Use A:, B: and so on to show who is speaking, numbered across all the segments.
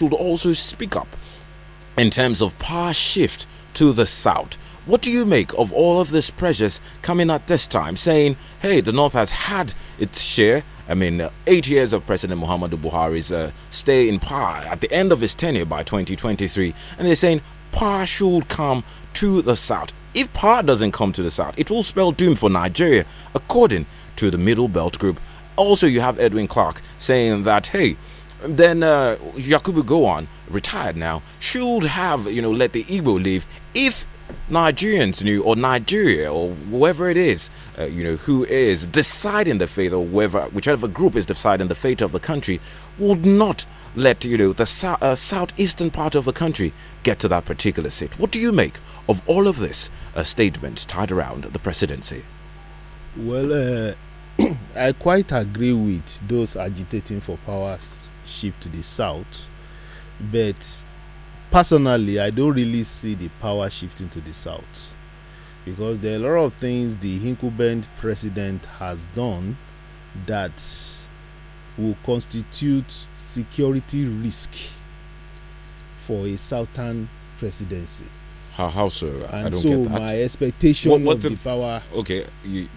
A: should also speak up in terms of power shift to the south. What do you make of all of these pressures coming at this time, saying, hey, the North has had its share? I mean, uh, eight years of President Muhammadu Buhari's uh, stay in power at the end of his tenure by 2023, and they're saying power should come to the South. If power doesn't come to the South, it will spell doom for Nigeria, according to the Middle Belt Group. Also, you have Edwin Clark saying that, hey, then uh, Yakubu Gowon, retired now, should have you know let the Igbo live if Nigerians knew or Nigeria or whoever it is, uh, you know, who is deciding the fate or whoever, whichever group is deciding the fate of the country, would not let you know the uh, southeastern part of the country get to that particular seat. What do you make of all of this A uh, statement tied around the presidency?
B: Well, uh, I quite agree with those agitating for power shift to the south. But personally, I don't really see the power shifting to the south because there are a lot of things the incumbent president has done that will constitute security risk for a southern presidency.
A: How, how so? And I don't so get that. my expectation what, what of the, the power. Okay, you,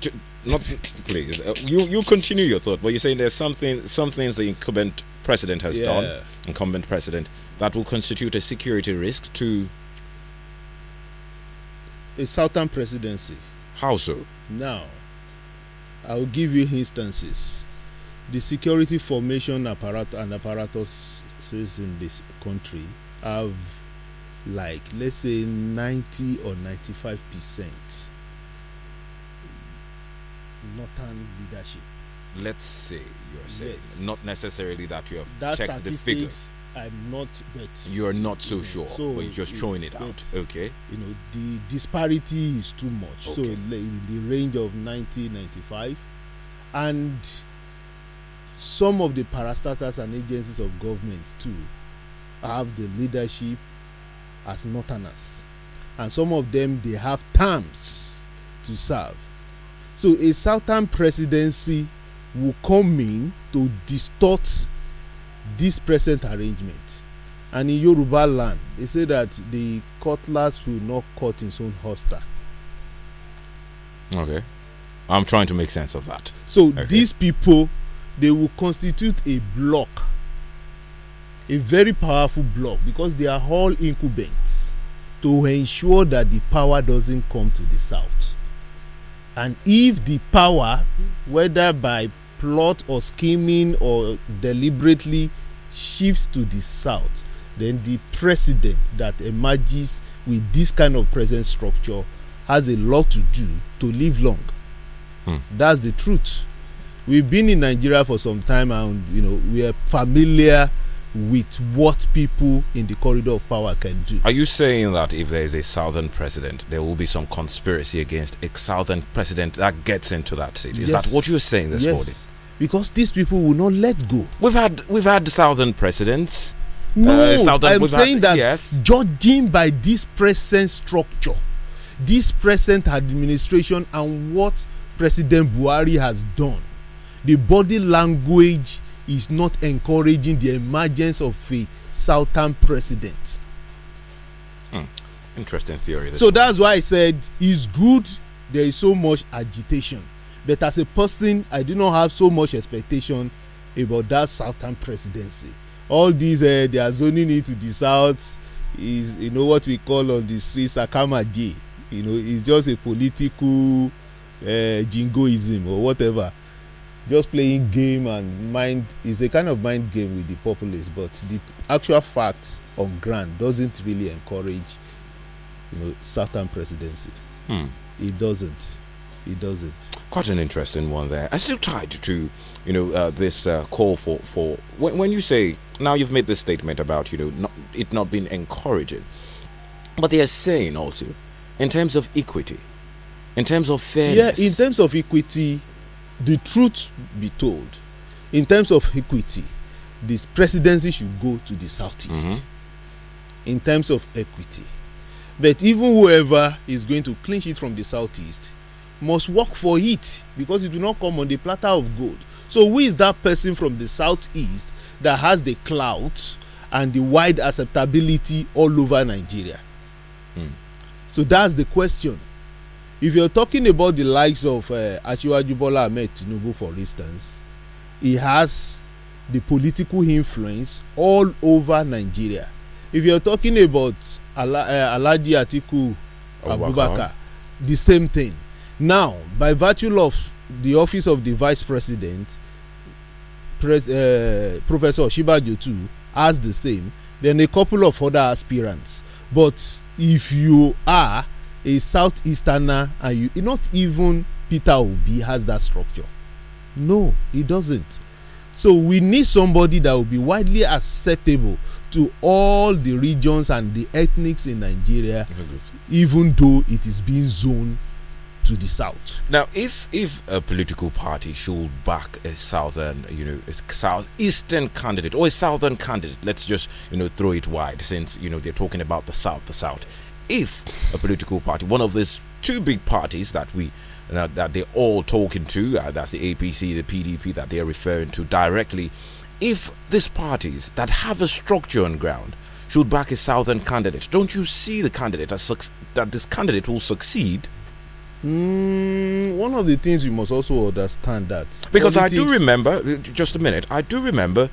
A: not please. Uh, you you continue your thought, but you're saying there's something some things the incumbent president has yeah. done, incumbent president, that will constitute a security risk to
B: a southern presidency. How so? Now, I will give you instances. The security formation apparatus and apparatuses in this country have, like, let's say 90 or 95
A: percent
B: northern leadership
A: let's say you're saying, yes. not necessarily that you have that checked the figures.
B: I'm not, but you're not so you know, sure. So but you're just throwing it, out.
A: Okay. You know
B: the disparity is too much. Okay. So in the range of 1995, and some of the parastatals and agencies of government too have the leadership as northerners, and some of them they have terms to serve. So a southern presidency will come in to distort this present arrangement and in yoruba land they say that the cutlass will not cut his own holster.
A: okay i'm trying to make sense of that. so okay. these
B: people they will constitute a block a very powerful block because they are all incumbents to ensure that the power doesn't come to the south and if the power whether by plot or scheming or deliberately shifts to the south, then the precedent that emerges with this kind of present structure has a lot to do to live long. Hmm. That's the truth. We've been in Nigeria for some time and you know we are familiar with what people in the corridor of power can do.
A: Are you saying that if there is a southern president, there will be some conspiracy against a southern president that gets into that seat? Is yes. that what you're saying this yes. morning? because these people will not let go. We've had we've had southern presidents. No, uh, southern, I'm saying had,
B: that yes. judging by this present structure, this present administration, and what President Buhari has done, the body language is not encouraging the emergence of a southern president.
A: Hmm. Interesting theory. So one.
B: that's why I said it's good there is so much agitation but as a person i do not have so much expectation about that southern presidency all these uh, they are zoning into the south is you know what we call on the street sakama j you know it's just a political uh, jingoism or whatever just playing game and mind is a kind of mind game with the populace but the actual fact on ground doesn't really encourage you know southern presidency hmm. it doesn't he does it.
A: Quite an interesting one there. I still tied to, you know, uh, this uh, call for for when, when you say now you've made this statement about you know not, it not being encouraging, but they are saying also in terms of equity, in terms of fairness.
B: Yeah, in terms of equity, the truth be told, in terms of equity, this presidency should go to the southeast. Mm -hmm. In terms of equity, but even whoever is going to clinch it from the southeast must work for it because it do not come on the platter of gold. So who is that person from the southeast that has the clout and the wide acceptability all over Nigeria? Mm. So that's the question. If you're talking about the likes of uh, Asiwaju Bola Ahmed Tinubu, for instance, he has the political influence all over Nigeria. If you're talking about Ala, uh, Alhaji Atiku Abubakar, the same thing Now, by virtue of the office of the vice president, pres uh, Professor Shibaju too has the same, then a couple of other aspirants. But if you are a Southeasterner and you not even Peter Obi has that structure. No, he doesn't. So we need somebody that will be widely acceptable to all the regions and the ethnics in Nigeria, even though it is being zoned to the south.
A: Now, if if a political party should back a southern, you know, southeastern candidate or a southern candidate, let's just you know throw it wide since you know they're talking about the south, the south. If a political party, one of these two big parties that we uh, that they're all talking to, uh, that's the APC, the PDP that they're referring to directly, if these parties that have a structure on ground should back a southern candidate, don't you see the candidate as that this candidate will succeed
B: Mm, one of the things you must also understand that because politics. I do
A: remember uh, just a minute. I do remember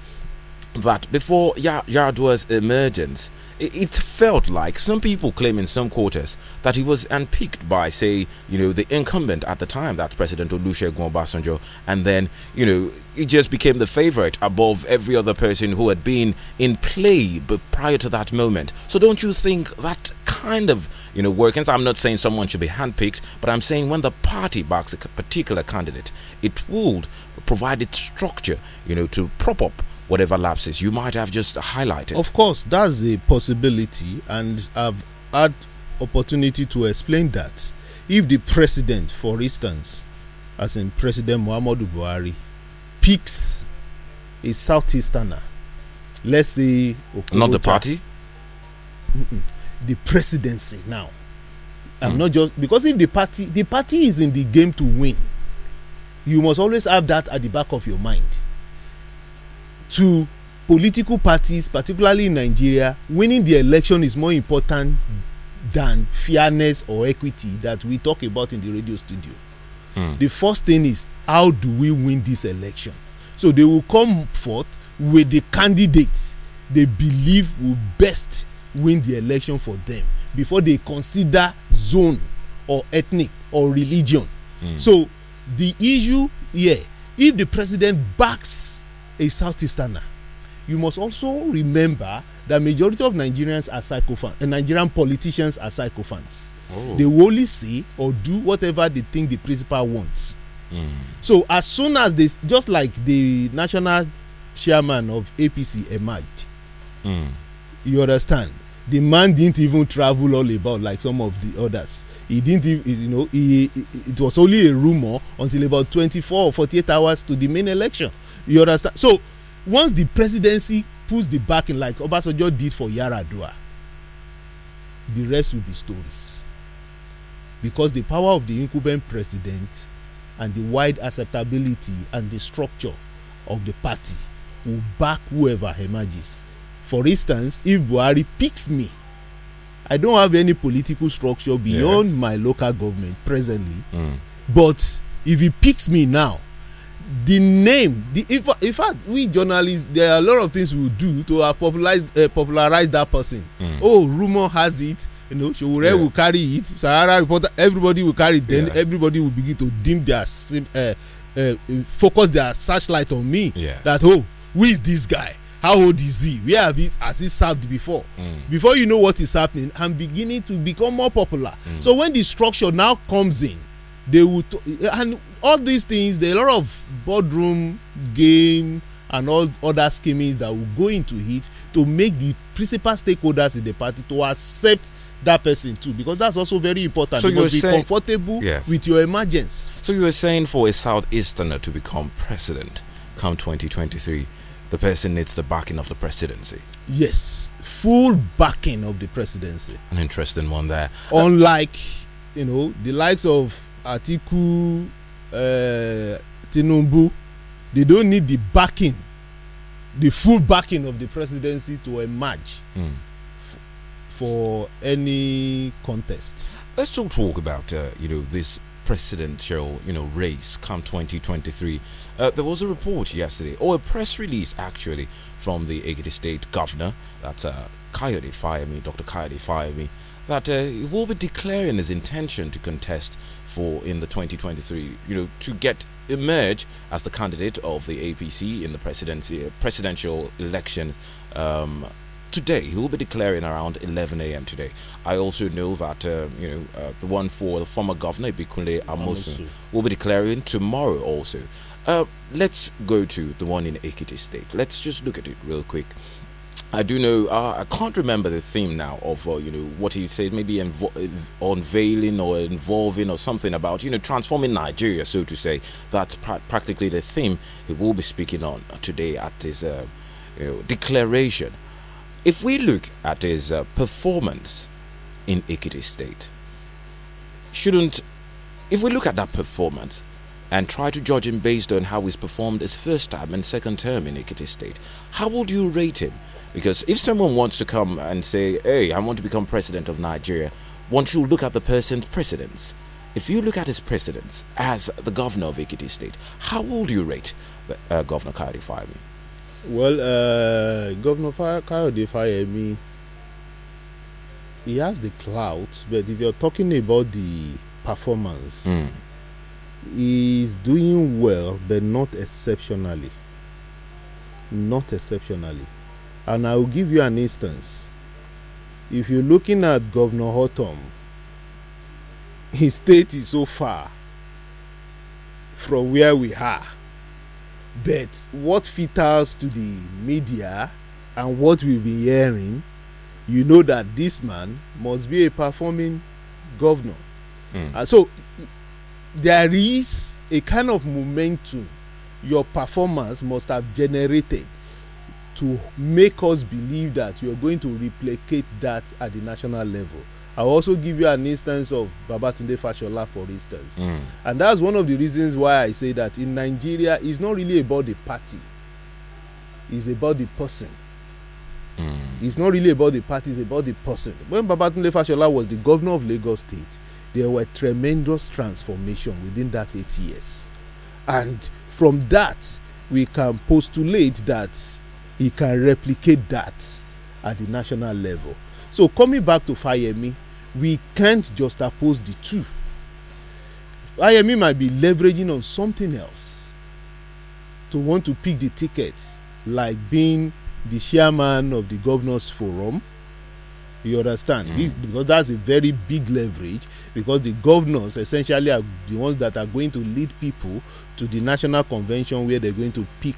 A: that before was emergence, it felt like some people claim in some quarters that he was unpicked by, say, you know, the incumbent at the time, that's President Olusegun Obasanjo, and then, you know, he just became the favorite above every other person who had been in play but prior to that moment. So don't you think that kind of you know, workings. I'm not saying someone should be handpicked, but I'm saying when the party backs a particular candidate, it would provide its structure, you know, to prop up whatever lapses you might have just highlighted. Of course,
B: that's a possibility, and I've had opportunity to explain that. If the president, for instance, as in President Muhammadu Buhari, picks a Southeasterner, let's say Okuruta, not the party. Mm -mm the presidency now. I'm mm. not just because if the party the party is in the game to win, you must always have that at the back of your mind. To political parties, particularly in Nigeria, winning the election is more important than fairness or equity that we talk about in the radio studio. Mm. The first thing is how do we win this election? So they will come forth with the candidates they believe will best win the election for them before they consider zone or ethnic or religion. Mm. So the issue here, if the president backs a Southeasterner, you must also remember that majority of Nigerians are psychophans, and eh, Nigerian politicians are psychophans. Oh. They will only say or do whatever they think the principal wants. Mm. So as soon as they, just like the national chairman of APC emerged, mm. you understand the man didn't even travel all about like some of the others he didn't e, you know he, he it was only a rumor until about 24 or 48 hours to the main election you understand so once the presidency puts the backing like obasanjo did for yaradua the rest will be stories because the power of the incumbent president and the wide acceptability and the structure of the party will back whoever emerges for instance if buhari picks me i don't have any political structure beyond yeah. my local government presently mm. but if he picks me now the name the in fact, in fact we journalists there are a lot of things we do to have popularize uh, that person mm. oh rumor has it you know showore yeah. will carry it sahara reporter everybody will carry it then yeah. everybody will begin to dim their uh, uh, focus their searchlight on me yeah. that oh who is this guy how old is he where have he has he served before mm. before you know what is happening i'm beginning to become more popular mm. so when the structure now comes in they will and all these things there are a lot of boardroom game and all other schemings that will go into it to make the principal stakeholders in the party to accept that person too because that's also very important so you must be saying, comfortable yes. with
A: your emergence so you were saying for a southeasterner to become president come 2023 the person needs the backing of the presidency.
B: Yes, full backing of the presidency.
A: An interesting one there.
B: Unlike, you know, the likes of Atiku, uh, Tinubu, they don't need the backing, the full backing of the presidency to emerge
A: mm. for any contest. Let's still talk about, uh, you know, this presidential, you know, race come 2023 uh, there was a report yesterday, or a press release actually, from the Ekiti State Governor, that's uh, Coyote Fireme, Dr. Coyote Fireme, that uh, he will be declaring his intention to contest for in the 2023, you know, to get emerge as the candidate of the APC in the presidency uh, presidential election. Um, today. He will be declaring around 11 a.m. today. I also know that uh, you know uh, the one for the former governor Ibikunle Amosu will be declaring tomorrow also. Uh, let's go to the one in Ekiti State. Let's just look at it real quick. I do know. Uh, I can't remember the theme now of uh, you know what he said. Maybe uh, unveiling or involving or something about you know transforming Nigeria, so to say. That's practically the theme he will be speaking on today at his uh, you know declaration. If we look at his uh, performance in Ekiti State, shouldn't if we look at that performance, and try to judge him based on how he's performed his first time and second term in Ekiti State. How would you rate him? Because if someone wants to come and say, hey, I want to become president of Nigeria, once you look at the person's precedence. If you look at his precedence as the governor of Ekiti State, how would you rate the, uh, Governor Coyote Fayemi?
B: Well, uh, Governor Coyote Fayemi, he has the clout, but if you're talking about the performance, mm is doing well, but not exceptionally. Not exceptionally. And I will give you an instance. If you're looking at Governor Hotum, his state is so far from where we are. But what filters to the media and what we've been hearing, you know that this man must be a performing governor. Mm. Uh, so there is a kind of momentum your performance must have generated to make us believe that you are going to replicate that at the national level. I will also give you an instance of Babatunde Fashola, for instance. Mm. And that's one of the reasons why I say that in Nigeria, it's not really about the party, it's about the person. Mm. It's not really about the party, it's about the person. When Babatunde Fashola was the governor of Lagos State, there were tremendous transformation within that eight years. And from that, we can postulate that he can replicate that at the national level. So coming back to Fayemi, we can't just oppose the two. Fayemi might be leveraging on something else to want to pick the ticket, like being the chairman of the governors forum. You understand? Mm. Because that's a very big leverage because the governors essentially are the ones that are going to lead people to the national convention where they're going to pick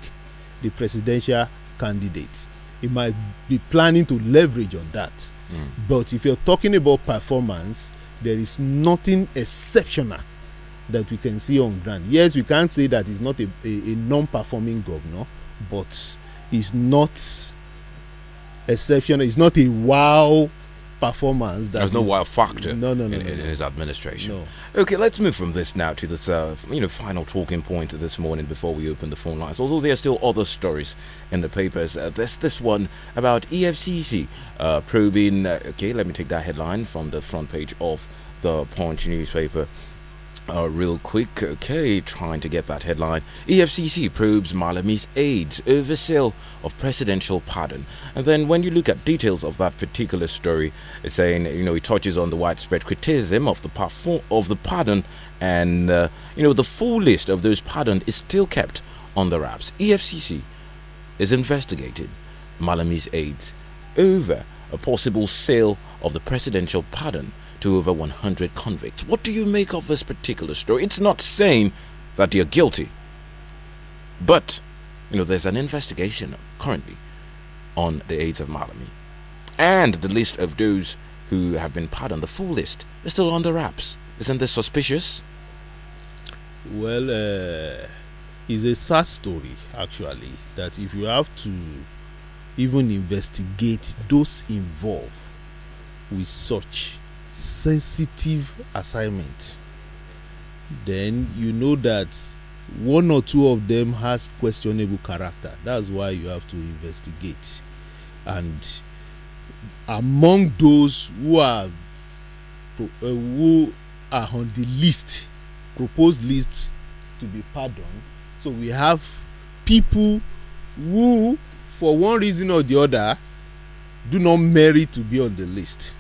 B: the presidential candidates. It might be planning to leverage on that. Mm. But if you're talking about performance, there is nothing exceptional that we can see on ground. Yes, we can't say that he's not a, a, a non-performing governor, but he's not exceptional. He's not a wow performance. That There's no wild
A: factor. No, no, no, in, no, no. in his administration. Okay, let's move from this now to the uh, you know, final talking point this morning before we open the phone lines. Although there are still other stories in the papers. Uh, there's this one about EFCC uh, probing. Uh, okay, let me take that headline from the front page of the Punch newspaper. Uh, real quick, okay, trying to get that headline. EFCC probes Malami's aides over sale of presidential pardon. And then when you look at details of that particular story, saying, you know, he touches on the widespread criticism of the, of the pardon, and, uh, you know, the full list of those pardoned is still kept on the wraps. EFCC is investigating Malami's aides over a possible sale of the presidential pardon to over 100 convicts. What do you make of this particular story? It's not saying that you're guilty, but you know there's an investigation currently on the aides of Malami and the list of those who have been pardoned, the full list, is still on the wraps. Isn't this suspicious? Well, uh, it's a sad story,
B: actually, that if you have to even investigate those involved with such sensitive assignment, then you know that one or two of them has questionable character. That's why you have to investigate and among those who are uh, who are on the list proposed list to be pardoned so we have people who for one reason or the other do not merit to be on the list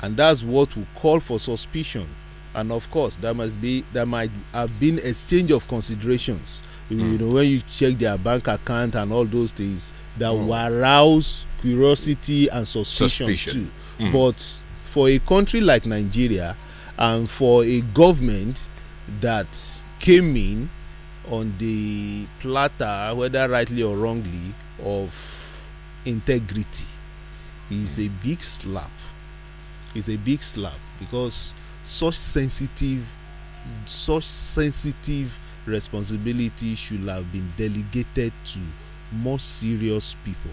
B: and that's what we call for suspicion and of course that must be that might have been exchange of considerations mm. you hmm. know when you check their bank account and all those things that mm. will arouse curiosity and suspicion, suspicion. too. Mm. But for a country like Nigeria and for a government that came in on the platter, whether rightly or wrongly, of integrity is a big slap. Is a big slap because such sensitive, such sensitive responsibility should have been delegated to more serious people.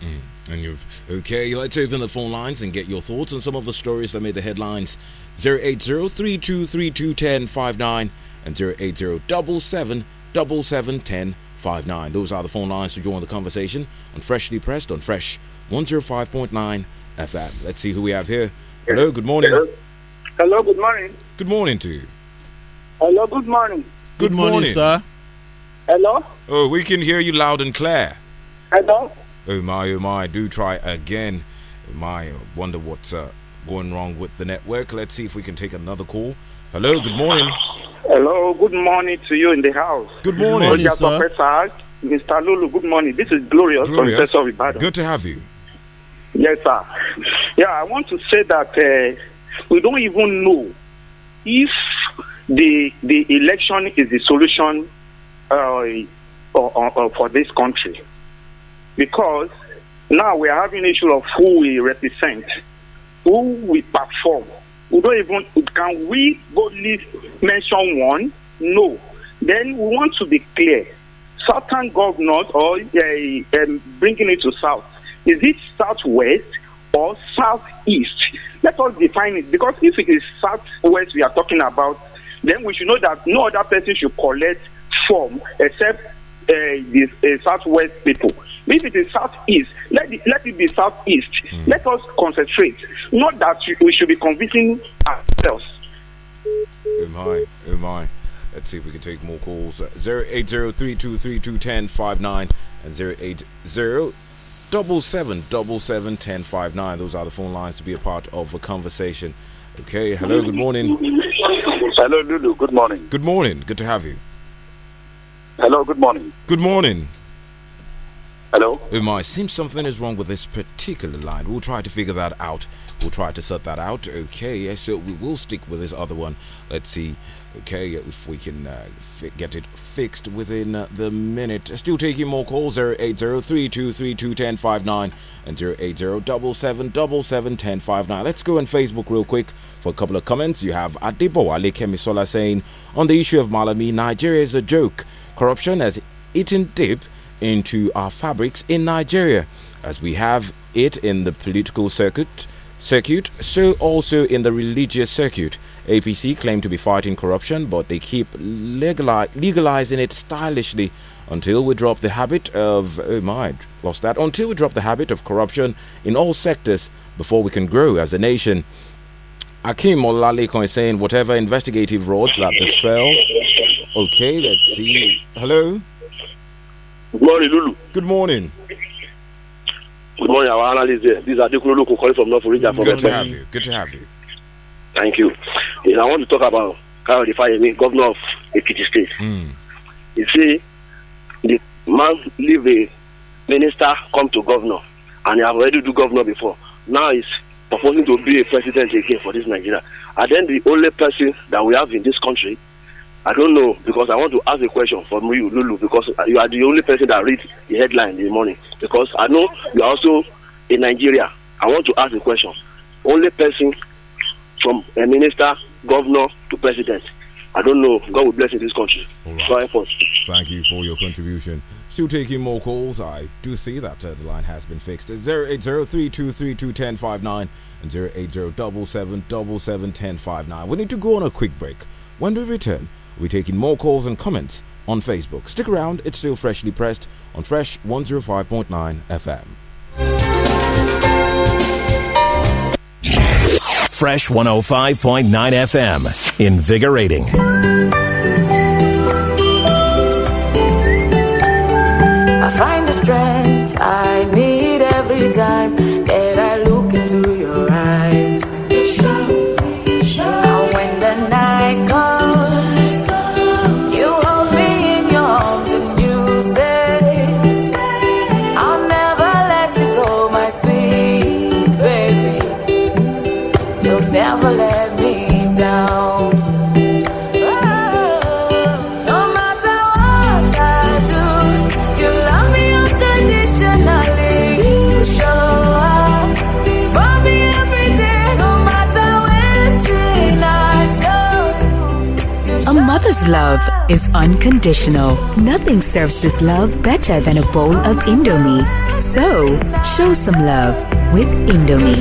A: Mm. And you've okay. Let's open the phone lines and get your thoughts on some of the stories that made the headlines. Zero eight zero three two three two ten five nine and zero eight zero double seven double seven ten five nine. Those are the phone lines to join the conversation on Freshly Pressed on Fresh one zero oh five point nine FM. Let's see who we have here. Hello. Good morning. Hello. Hello. Good morning. Good morning to you. Hello. Good morning. Good, good morning, morning, sir. Hello. Oh, we can hear you loud and clear. Hello. Oh my, oh my, do try again. Oh my, I wonder what's uh, going wrong with the network. Let's see if we can take another call. Hello, good morning.
C: Hello, good morning to you in the
A: house. Good morning, good morning sir.
C: Professor, Mr. Lulu, good morning. This is Glorious, Glorious. from Ibadan.
A: Good to have you.
C: Yes, sir. Yeah, I want to say that uh, we don't even know if the the election is the solution uh, for, uh, for this country because now we are having issue of who we represent, who we perform. We don't even can we boldly mention one? No. Then we want to be clear. Southern governors or uh, um, bringing it to south. Is it southwest or southeast? Let us define it because if it is southwest we are talking about, then we should know that no other person should collect from except uh, the uh, southwest people. If it is southeast, let it, let it be southeast. Mm. Let us concentrate. Not that we should be convincing ourselves.
A: Oh my, oh my. Let's see if we can take more calls. 08032321059 and 080 double seven double seven ten five nine. Those are the phone lines to be a part of a conversation. Okay. Hello. Good morning. Hello, Lulu. Good morning. Good morning. Good to have you. Hello. Good morning. Good morning. Hello? Umar, it seems something is wrong with this particular line. We'll try to figure that out. We'll try to sort that out. Okay, so we will stick with this other one. Let's see, okay, if we can uh, get it fixed within uh, the minute. Still taking more calls three two ten five nine and 08077771059. Let's go on Facebook real quick for a couple of comments. You have Adibo Ali Kemisola saying, on the issue of Malami, Nigeria is a joke. Corruption has eaten deep into our fabrics in Nigeria, as we have it in the political circuit, circuit, so also in the religious circuit. APC claim to be fighting corruption, but they keep legalizing it stylishly until we drop the habit of oh my, lost that. Until we drop the habit of corruption in all sectors before we can grow as a nation. Akim Olalekan is saying whatever investigative rods that befell. Okay, let's see. Hello. Good morning, Lulu. Good morning. Good morning, our analyst here. This
C: is Dekuno Lulu calling from North Region. Good to have
A: you. Good to have you.
C: Thank you. And I want to talk about Kyle Defayemi, governor of Ekiti State. Mm. You see, the man leave a minister, come to governor, and he have already do governor before. Now he's proposing to be a president again for this Nigeria. And then the only person that we have in this country I don't know because I want to ask a question from you, Lulu, because you are the only person that reads the headline in the morning. Because I know you are also in Nigeria. I want to ask a question. Only person from a minister, governor to president. I don't know. God will bless in this country. All right. So
A: Thank you for your contribution. Still taking more calls. I do see that uh, the line has been fixed. Zero eight zero three two three two ten five nine and zero eight zero double seven double seven ten five nine. We need to go on a quick break. When we return. We're taking more calls and comments on Facebook. Stick around, it's still freshly pressed on Fresh 105.9 FM. Fresh 105.9 FM, invigorating. I
D: find the strength I need every time
E: love is unconditional. Nothing serves this love better than a bowl of Indomie. So, show some love with Indomie.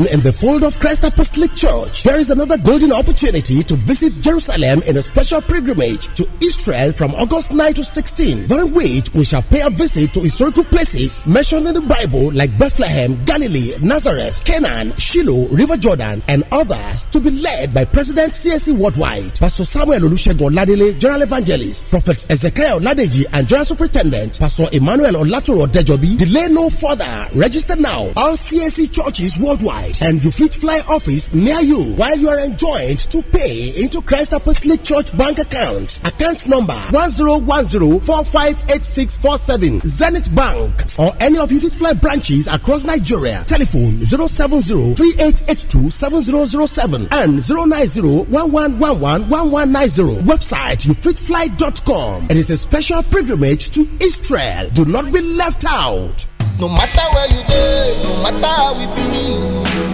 F: in the fold of Christ Apostolic Church, there is another golden opportunity to visit Jerusalem in a special pilgrimage to Israel from August 9 to 16, during which we shall pay a visit to historical places mentioned in the Bible like Bethlehem, Galilee, Nazareth, Canaan, Shiloh, River Jordan, and others to be led by President CSE Worldwide, Pastor Samuel Olusegun Ladele, General Evangelist, Prophet Ezekiel Ladeji, and General Superintendent, Pastor Emmanuel Olatoro Dejobi. Delay no further. Register now. All CSE churches worldwide and you fit fly office near you while you are enjoined to pay into Christ Apostolic Church bank account. Account number 1010458647 Zenith Bank or any of you fit fly branches across Nigeria. Telephone 07038827007 and 09011111190. Website youfitfly.com. It is a special pilgrimage to Israel. Do not be left out.
G: No matter where you go, no matter how we be.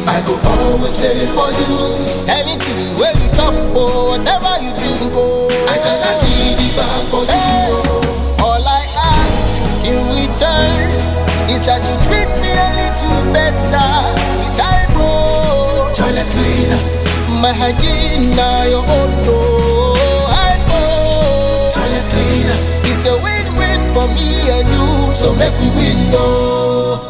G: I go always there for you. Anything where you
H: come, oh, whatever you drink, oh. I gotta be the bar for hey. you. Oh. All I ask in return is that you treat me a little better. It's I Toilet cleaner. My hygiene now your own oh. Toilet cleaner. It's a
G: win-win for me and you so make we win no.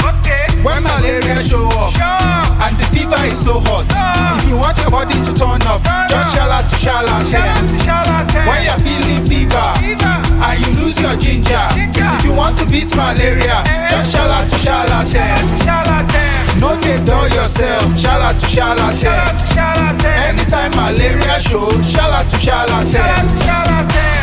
G: Okay. When malaria show up sure. and the fever is so hot, sure. if you want your body to turn up, turn just shala to charlatan. When you're feeling fever, fever, and you lose your ginger, ginger. if you want to beat malaria, eh. just shala to charlatan. No dey dull yourself, shala to charlatan. Anytime malaria show, shala to charlatan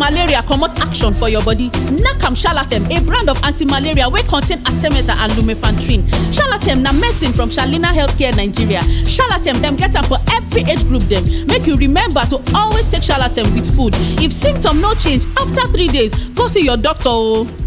H: malaria comot action for your body nakam shalatem a brand of anti-malaria
D: wey contain artemata and lumefantrine shalatem na medicine from shalina healthcare nigeria shalatem dem get am for every age group dem make you remember to always take shalatem with food if symptom no change after three days go see your doctor o. Oh.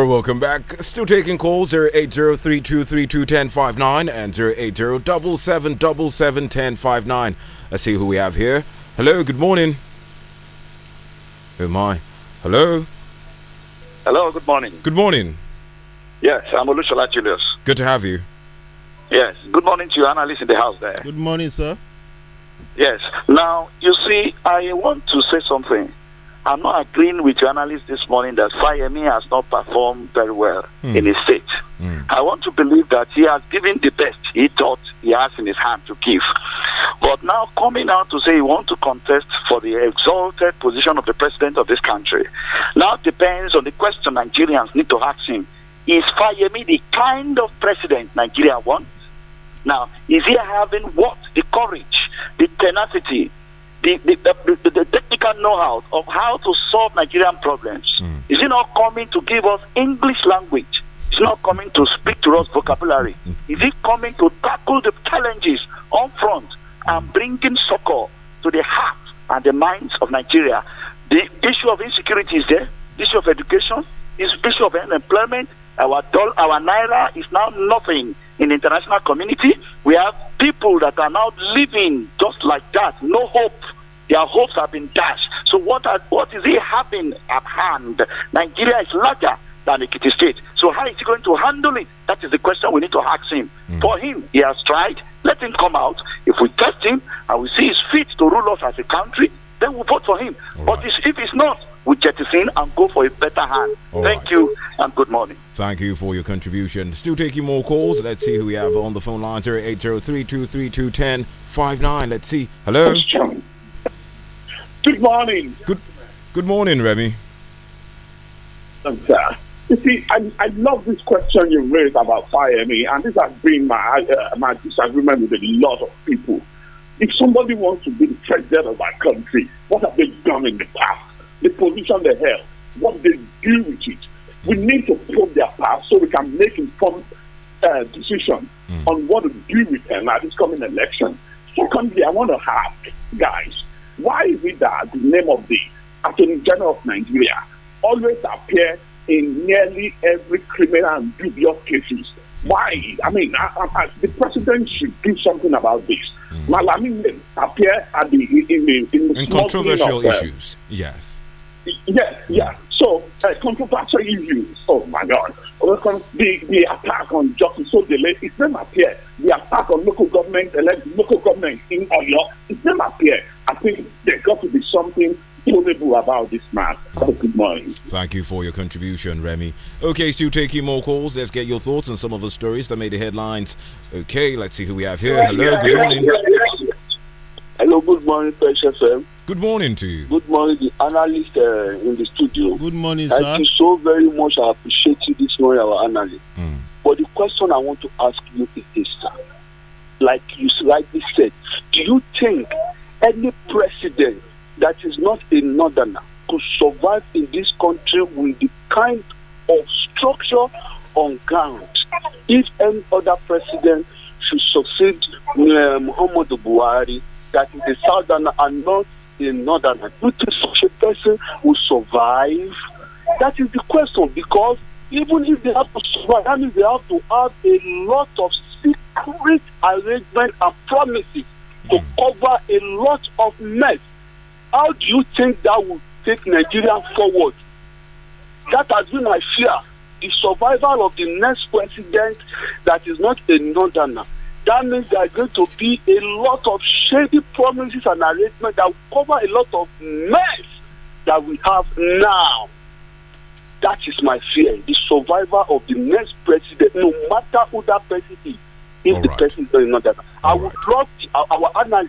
A: Or welcome back. Still taking calls 08032321059 and 08077771059. Let's see who we have here. Hello, good morning. Who am I? Hello. Hello, good morning. Good morning.
C: Yes, I'm Olushola Julius. Good to have you. Yes, good morning to you, analyst in the house there.
A: Good morning, sir.
C: Yes, now you see, I want to say something. I'm not agreeing with journalists this morning that Fayemi has not performed very well mm. in his state. Mm. I want to believe that he has given the best he thought he has in his hand to give. But now coming out to say he wants to contest for the exalted position of the president of this country now depends on the question Nigerians need to ask him. Is Fayemi the kind of president Nigeria wants? Now, is he having what? The courage, the tenacity, the, the, the, the technical know-how of how to solve Nigerian problems. Mm. Is it not coming to give us English language? Is not coming to speak to us vocabulary? Hmm. Is it coming to tackle the challenges on front and hmm. bringing succor to the heart and the minds of Nigeria? The issue of insecurity is there. The issue of education. The issue of unemployment. Our dollar, our naira is now nothing in international community. We have people that are now living just like that, no hope. Their hopes have been dashed. So what are, what is it having at hand? Nigeria is larger than Ekiti State. So how is he going to handle it? That is the question we need to ask him. Mm. For him, he has tried. Let him come out. If we test him and we see his fit to rule us as a country, then we we'll vote for him. All but right. if it's not, we jettison and go for a better hand. All Thank right. you and good morning.
A: Thank you for your contribution. Still taking more calls. Let's see who we have on the phone line 080323221059. Let's see. Hello. Good morning. Good good morning, Remy. you see, I, I
I: love this question you raised about fire me, and this has been my uh, my disagreement with a lot of people. If somebody wants to be the president of our country, what have they done in the past? The position they have, what they do with it. We need to probe their past so we can make informed uh, decision mm. on what to do with them at this coming election. Secondly, I want to ask guys, why is it that the name of the Attorney General of Nigeria always appear in nearly every criminal and dubious cases? Why? I mean, I, I, I, the president should do something about this. Mm. Malami appear at the, in the in, the in controversial of, uh, issues. Uh, yes yeah, yeah. So, uh, controversial issues. Oh my God. The, the attack on justice so delayed. It's never appear. The attack on local government, uh, elect local government in Oyo. It's never appear. I think there got to be something plausible
A: about this man. good morning. Thank you for your contribution, Remy. Okay, still taking more calls. Let's get your thoughts on some of the stories that made the headlines. Okay, let's see who we have here. Hello. Good morning. Hello, good morning, Fresh FM. Good morning to you. Good morning, the
C: analyst uh, in the studio. Good morning, Thank sir. Thank you so very much. I appreciate you this morning, our analyst. Mm. But the question I want to ask you is this, sir. Like you slightly said, do you think any president that is not a northerner could survive in this country with the kind of structure on ground if any other president should succeed um, Muhammadu Buhari that is a southerner and not a northerner. Do you think such a person will survive? That is the question because even if they have to survive, that means they have to have a lot of secret arrangements and promises to cover a lot of mess. How do you think that will take Nigeria forward? That has been my fear. The survival of the next president that is not a northerner that means there are going to be a lot of shady promises and arrangements that will cover a lot of mess that we have now. That is my fear. The survivor of the next president, no matter who that person is, if All the right. person is not that. I would love our, our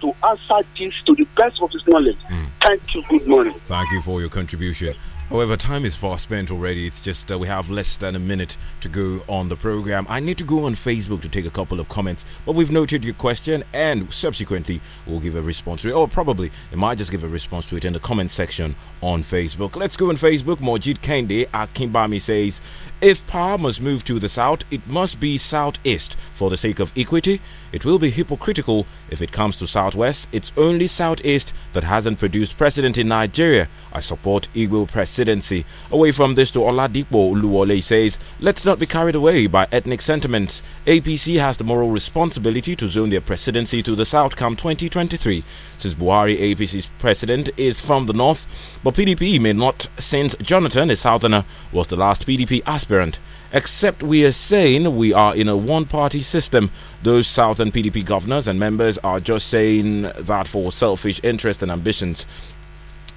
C: to answer this to the best of his knowledge. Mm. Thank you. Good
A: morning. Thank you for your contribution. However, time is far spent already. It's just uh, we have less than a minute to go on the program. I need to go on Facebook to take a couple of comments, but we've noted your question and subsequently we'll give a response to it. Or probably it might just give a response to it in the comment section on Facebook. Let's go on Facebook. Morjid Kende Akimbami says, if power must move to the south, it must be southeast for the sake of equity. It will be hypocritical if it comes to southwest. It's only southeast that hasn't produced president in Nigeria. I support Igbo presidency. Away from this to Oladipo Luwole says, let's not be carried away by ethnic sentiments. APC has the moral responsibility to zone their presidency to the south come 2023. Since Buhari, APC's president, is from the north, but PDP may not since Jonathan Southerner was the last PDP aspirant. Except we are saying we are in a one party system. Those Southern PDP governors and members are just saying that for selfish interests and ambitions.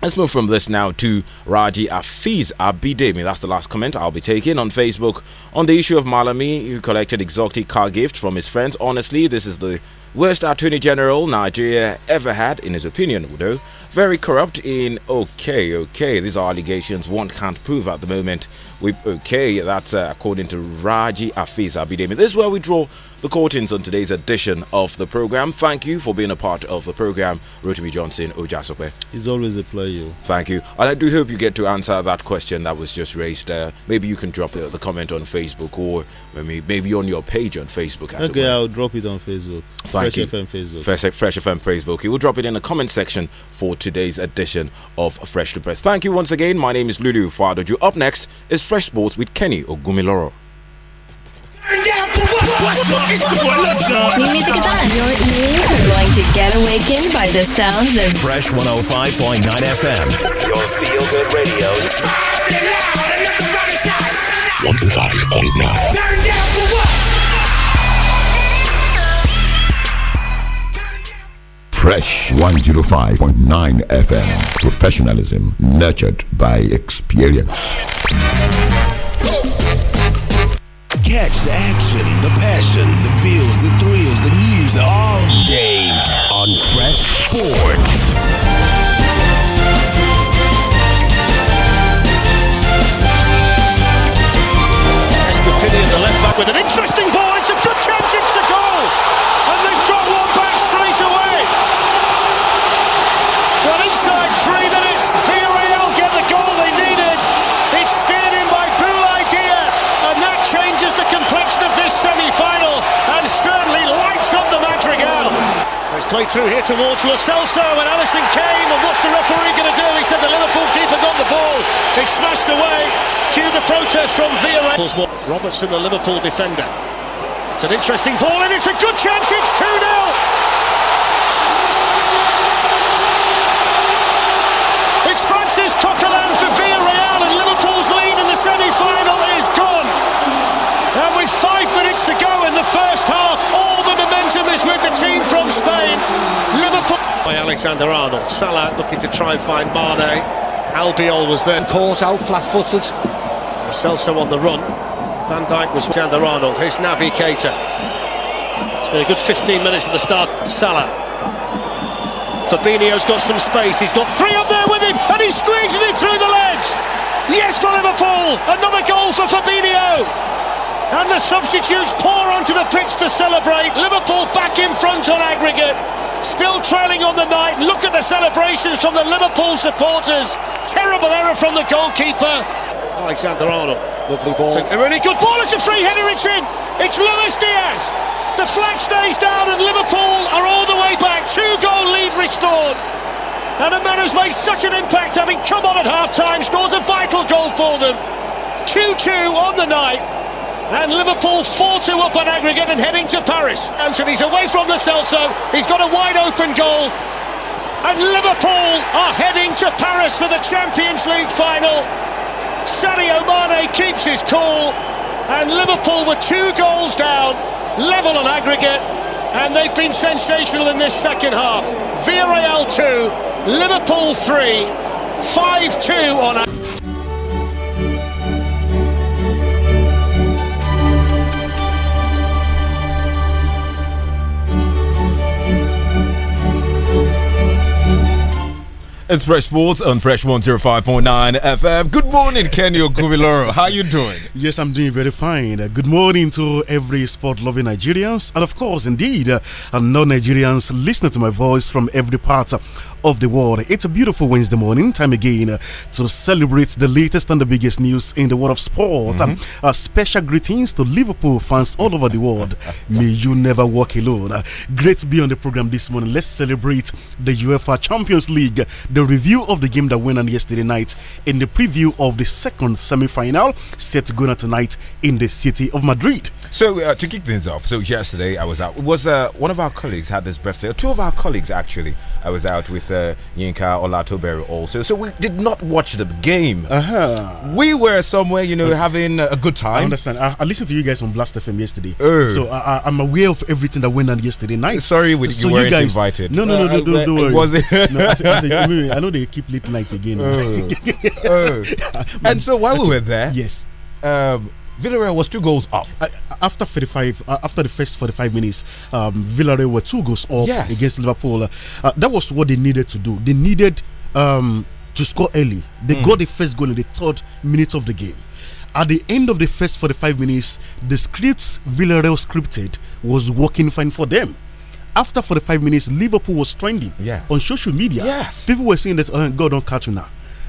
A: Let's move from this now to Raji Afiz Abidemi. That's the last comment I'll be taking on Facebook on the issue of Malami, who collected exotic car gift from his friends. Honestly, this is the worst Attorney General Nigeria ever had, in his opinion, Udo very corrupt in okay okay these are allegations one can't prove at the moment we okay that's uh, according to raji afiz abidemi this is where we draw the courtings on today's edition of the program. Thank you for being a part of the program, Rotimi Johnson Ojasope.
B: It's always a pleasure.
A: Thank you. And I do hope you get to answer that question that was just raised there. maybe you can drop the comment on Facebook or maybe, maybe on your page on Facebook as Okay, I'll
B: drop it on Facebook. Thank Fresh you. FM Facebook.
A: Fresh, Fresh FM Facebook. You will drop it in the comment section for today's edition of Fresh to Press. Thank you once again. My name is Lulu Fadoju. Up next is Fresh Sports with Kenny Ogumiloro.
E: New music is on. Your ears are going to get awakened by the sounds of
A: Fresh 105.9 FM. Your feel good radio. 105.9. Turn
G: down for
C: Fresh 105.9 FM. Professionalism nurtured by experience.
A: Catch the action, the passion, the feels, the thrills, the news all
E: day on Fresh Sports.
J: Spitini the left back with an interesting ball. It's a good chance. Right through here towards Lo and Allison came and what's the referee going to do? He said the Liverpool keeper got the ball. It smashed away. Cue the protest from Vieira. Robertson, the Liverpool defender. It's an interesting ball and it's a good chance. It's 2-0. It's Francis Coquelin for Villarreal and Liverpool's lead in the semi-final is gone. And with five minutes to go in the first half, momentum is with the team from Spain. Liverpool. By Alexander Arnold. Salah looking to try and find Mane. Albiol was then Caught out flat footed. Celso on the run. Van Dijk was Alexander Arnold. Here's Navi Keita. It's been a good 15 minutes at the start. Salah. Fabinho's got some space. He's got three up there with him and he squeezes it through the legs. Yes for Liverpool. Another goal for Fabinho. And the substitutes pour onto the pitch to celebrate. Liverpool back in front on aggregate. Still trailing on the night. Look at the celebrations from the Liverpool supporters. Terrible error from the goalkeeper. Alexander Arnold. Lovely ball. A really good ball. It's a free header. It's in. It's Luis Diaz. The flag stays down, and Liverpool are all the way back. Two goal lead restored. And the man has made such an impact, having come on at half time, scores a vital goal for them. 2 2 on the night. And Liverpool 4-2 up on aggregate and heading to Paris. Anthony's away from the Celso, he's got a wide open goal. And Liverpool are heading to Paris for the Champions League final. Sadio Mane keeps his cool. And Liverpool were two goals down, level on aggregate. And they've been sensational in this second half. Villarreal 2, Liverpool 3, 5-2 on aggregate.
A: It's Fresh Sports on Fresh 105.9 FM. Good morning, Kenny Ogumiloro. How are you doing? Yes, I'm doing very
F: fine. Uh, good morning to every sport-loving Nigerians and, of course, indeed, uh, non-Nigerians listening to my voice from every part uh, of the world. It's a beautiful Wednesday morning, time again uh, to celebrate the latest and the biggest news in the world of sport. Mm -hmm. uh, special greetings to Liverpool fans all over the world. May you never walk alone. Uh, great to be on the program this morning. Let's celebrate the UEFA Champions League, the review of the game that went on yesterday night, and the preview of the second semi final set to go on tonight in
A: the city of Madrid. So, uh, to kick things off, so yesterday I was out, it was uh, one of our colleagues had this birthday, two of our colleagues actually. I was out with uh, Yinka Olatoberu also. So we did not watch the game. Uh-huh. We were somewhere, you know, uh, having a good time. I understand.
F: I, I, listened to you guys on Blast FM yesterday. Oh. So I, am aware of everything that went on yesterday night. Sorry, we, so you weren't you guys, invited. No, no, no, no, no, uh, don't, worry. Was it? no, I, said, I, said, I know they keep late night again. Oh. oh. and so while we were there, yes, um, Villarreal was two goals up. I, after 45, uh, after the first 45 minutes, um, Villarreal were two goals up yes. against Liverpool. Uh, that was what they needed to do. They needed um, to score early. They mm. got the first goal in the third minute of the game. At the end of the first 45 minutes, the scripts Villarreal scripted was working fine for them after 45 minutes, Liverpool was trending yes. on social media. Yes. People were saying that, oh, God, don't catch you now.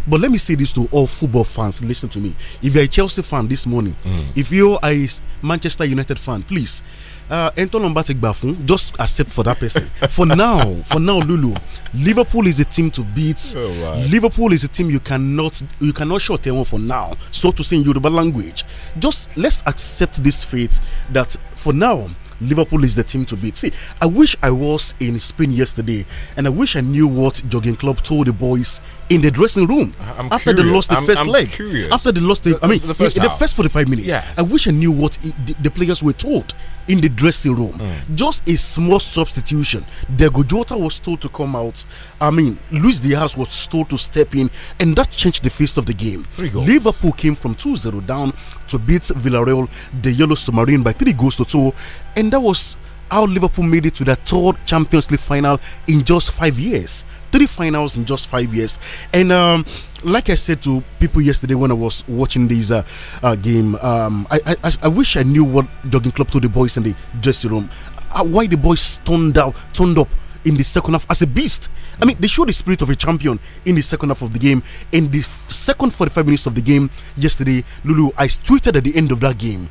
F: But let me say this to all football fans listen to me. If you're a Chelsea fan this morning, mm. if you are a Manchester United fan, please. Uh, Anton Lombardi Gbafun, just accept for that person. for now, for now, Lulu, Liverpool is a team to beat. Oh, wow. Liverpool is a team you cannot you cannot short anyone for now. So to say in Yoruba language, just let's accept this fate that for now Liverpool is the team to beat. See, I wish I was in Spain yesterday, and I wish I knew what Jogging Club told the boys in the dressing room I'm after curious. they lost the I'm, 1st leg. Curious. After they lost the, the I mean, the first, the, the first 45 minutes. Yes. I wish I knew what the, the players were told in the dressing room. Mm. Just a small substitution. Dego Jota was told to come out. I mean, Luis Diaz was told to step in, and that changed the face of the game. Three goals. Liverpool came from 2 0 down to beat Villarreal, the Yellow Submarine, by three goals to two, and that was how Liverpool made it to the third Champions League final in just five years three finals in just five years. And um, like I said to people yesterday when I was watching this uh, uh, game, um, I, I, I wish I knew what Jogging Club told the boys in the dressing room. Uh, why the boys turned out, turned up in the second half as a beast. I mean, they showed the spirit of a champion in the second half of the game. In the second 45 minutes of the game yesterday, Lulu, I tweeted at the end of that game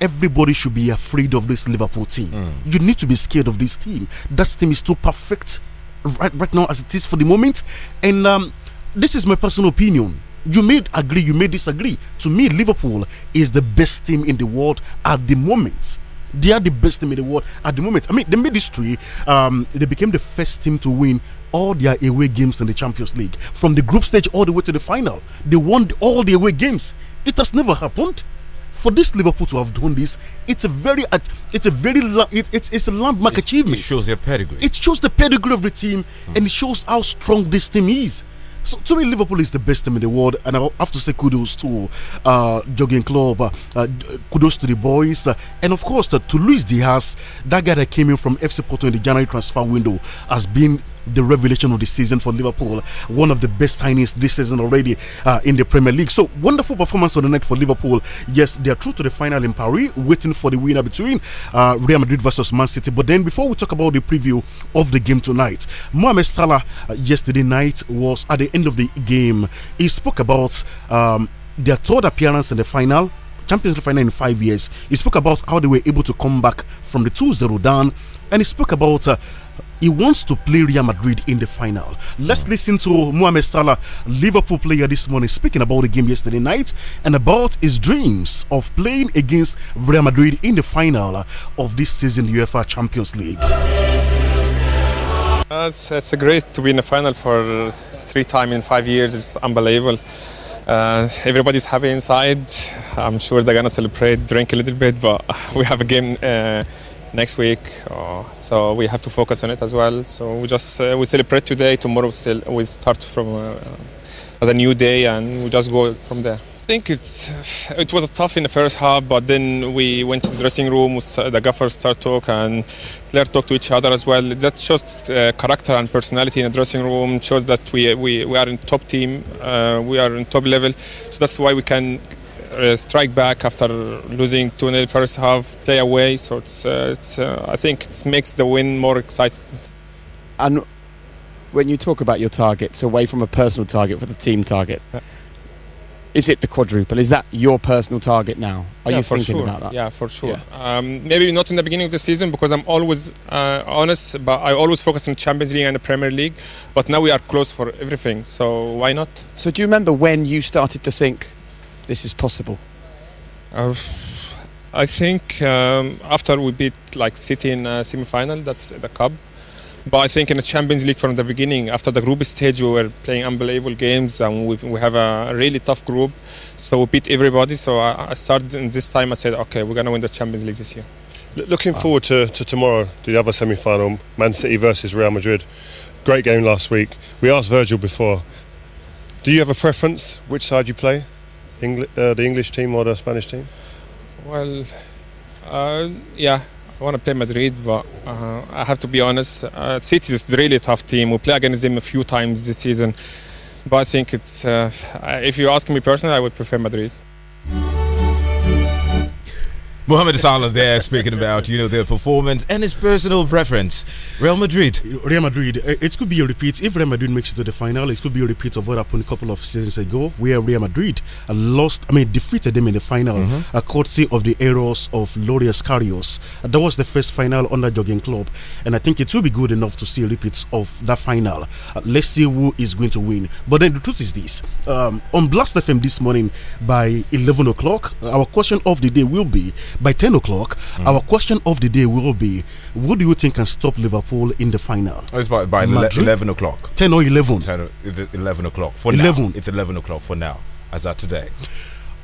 F: everybody should be afraid of this Liverpool team. Mm. You need to be scared of this team. That team is too perfect right, right now as it is for the moment. And um, this is my personal opinion. You may agree, you may disagree. To me, Liverpool is the best team in the world at the moment they are the best team in the world at the moment. I mean, they made history. Um, they became the first team to win all their away games in the Champions League, from the group stage all the way to the final. They won all the away games. It has never happened for this Liverpool to have done this, it's a very, it's a very, it, it's it's a landmark it, achievement. It shows their pedigree. It shows the pedigree of the team, mm. and it shows how strong this team is. So to me, Liverpool is the best team in the world, and I have to say kudos to uh, Jogging Club, uh, uh, kudos to the boys, uh, and of course to Luis Diaz, that guy that came in from FC Porto in the January transfer window, has been the revelation of the season for Liverpool. One of the best signings this season already uh, in the Premier League. So, wonderful performance on the night for Liverpool. Yes, they are true to the final in Paris, waiting for the winner between uh, Real Madrid versus Man City. But then, before we talk about the preview of the game tonight, Mohamed Salah uh, yesterday night was at the end of the game. He spoke about um, their third appearance in the final. Champions League final in five years. He spoke about how they were able to come back from the 2 0 down and he spoke about uh, he wants to play Real Madrid in the final. Let's listen to Mohamed Salah, Liverpool player this morning, speaking about the game yesterday night and about his dreams of playing against Real Madrid in the final of this season UEFA Champions League.
K: Uh, it's, it's great to be in the final for three times in five years. It's unbelievable. Uh, everybody's happy inside. I'm sure they're gonna celebrate, drink a little bit, but we have a game uh, next week. Uh, so we have to focus on it as well. So we just uh, we celebrate today. Tomorrow still we start from uh, as a new day, and we just go from there. I think it's it was tough in the first half, but then we went to the dressing room. The gaffers start talk and players talk to each other as well. That shows uh, character and personality in the dressing room. Shows that we we, we are in top team. Uh, we are in top level. So that's why we can uh, strike back after losing 2 0 first half, play away. So it's, uh, it's uh, I think it makes the win more exciting.
J: And when you talk about your targets, away from a personal target for the team target, yeah. is it the quadruple? Is that your personal target now? Are yeah, you thinking sure. about
K: that? Yeah, for sure. Yeah. Um, maybe not in the beginning of the season because I'm always uh, honest, but I always focus on Champions League and the Premier League. But now we are close for everything, so why not? So do you remember when you started to think? this is possible? Uh, I think um, after we beat like City in uh, semi-final, that's the cup. But I think in the Champions League from the beginning, after the group stage, we were playing unbelievable games and we, we have a really tough group. So we beat everybody. So I, I started this time. I said, okay, we're gonna win the Champions League this year.
L: Looking forward to, to tomorrow, the other semi final, Man City versus Real Madrid. Great game last week. We asked Virgil before, do you have a preference which side you play? Engli uh, the English team or the Spanish team?
K: Well, uh, yeah, I want to play Madrid, but uh, I have to be honest. Uh, City is a really tough team. We play against them a few times this season, but I think it's. Uh, if you ask me personally, I would prefer Madrid.
A: Mohamed is there speaking about you know their performance and his personal preference. Real Madrid. Real Madrid. Eh, it could be a repeat. If Real Madrid makes it to the final, it could be a repeat of what happened a couple of
F: seasons ago, where Real Madrid lost. I mean, defeated them in the final, mm -hmm. a courtesy of the errors of Lourdes Karius. That was the first final under Jurgen Klopp, and I think it will be good enough to see repeats of that final. Uh, let's see who is going to win. But then the truth is this: um, on Blast FM this morning by 11 o'clock, our question of the day will be by 10 o'clock, mm. our question of the day will be what do you think can stop Liverpool in the final? Oh, it's by,
A: by 11 o'clock. 10 or 11? 10, it's 11 o'clock for 11. now. It's 11 o'clock for now, as of today.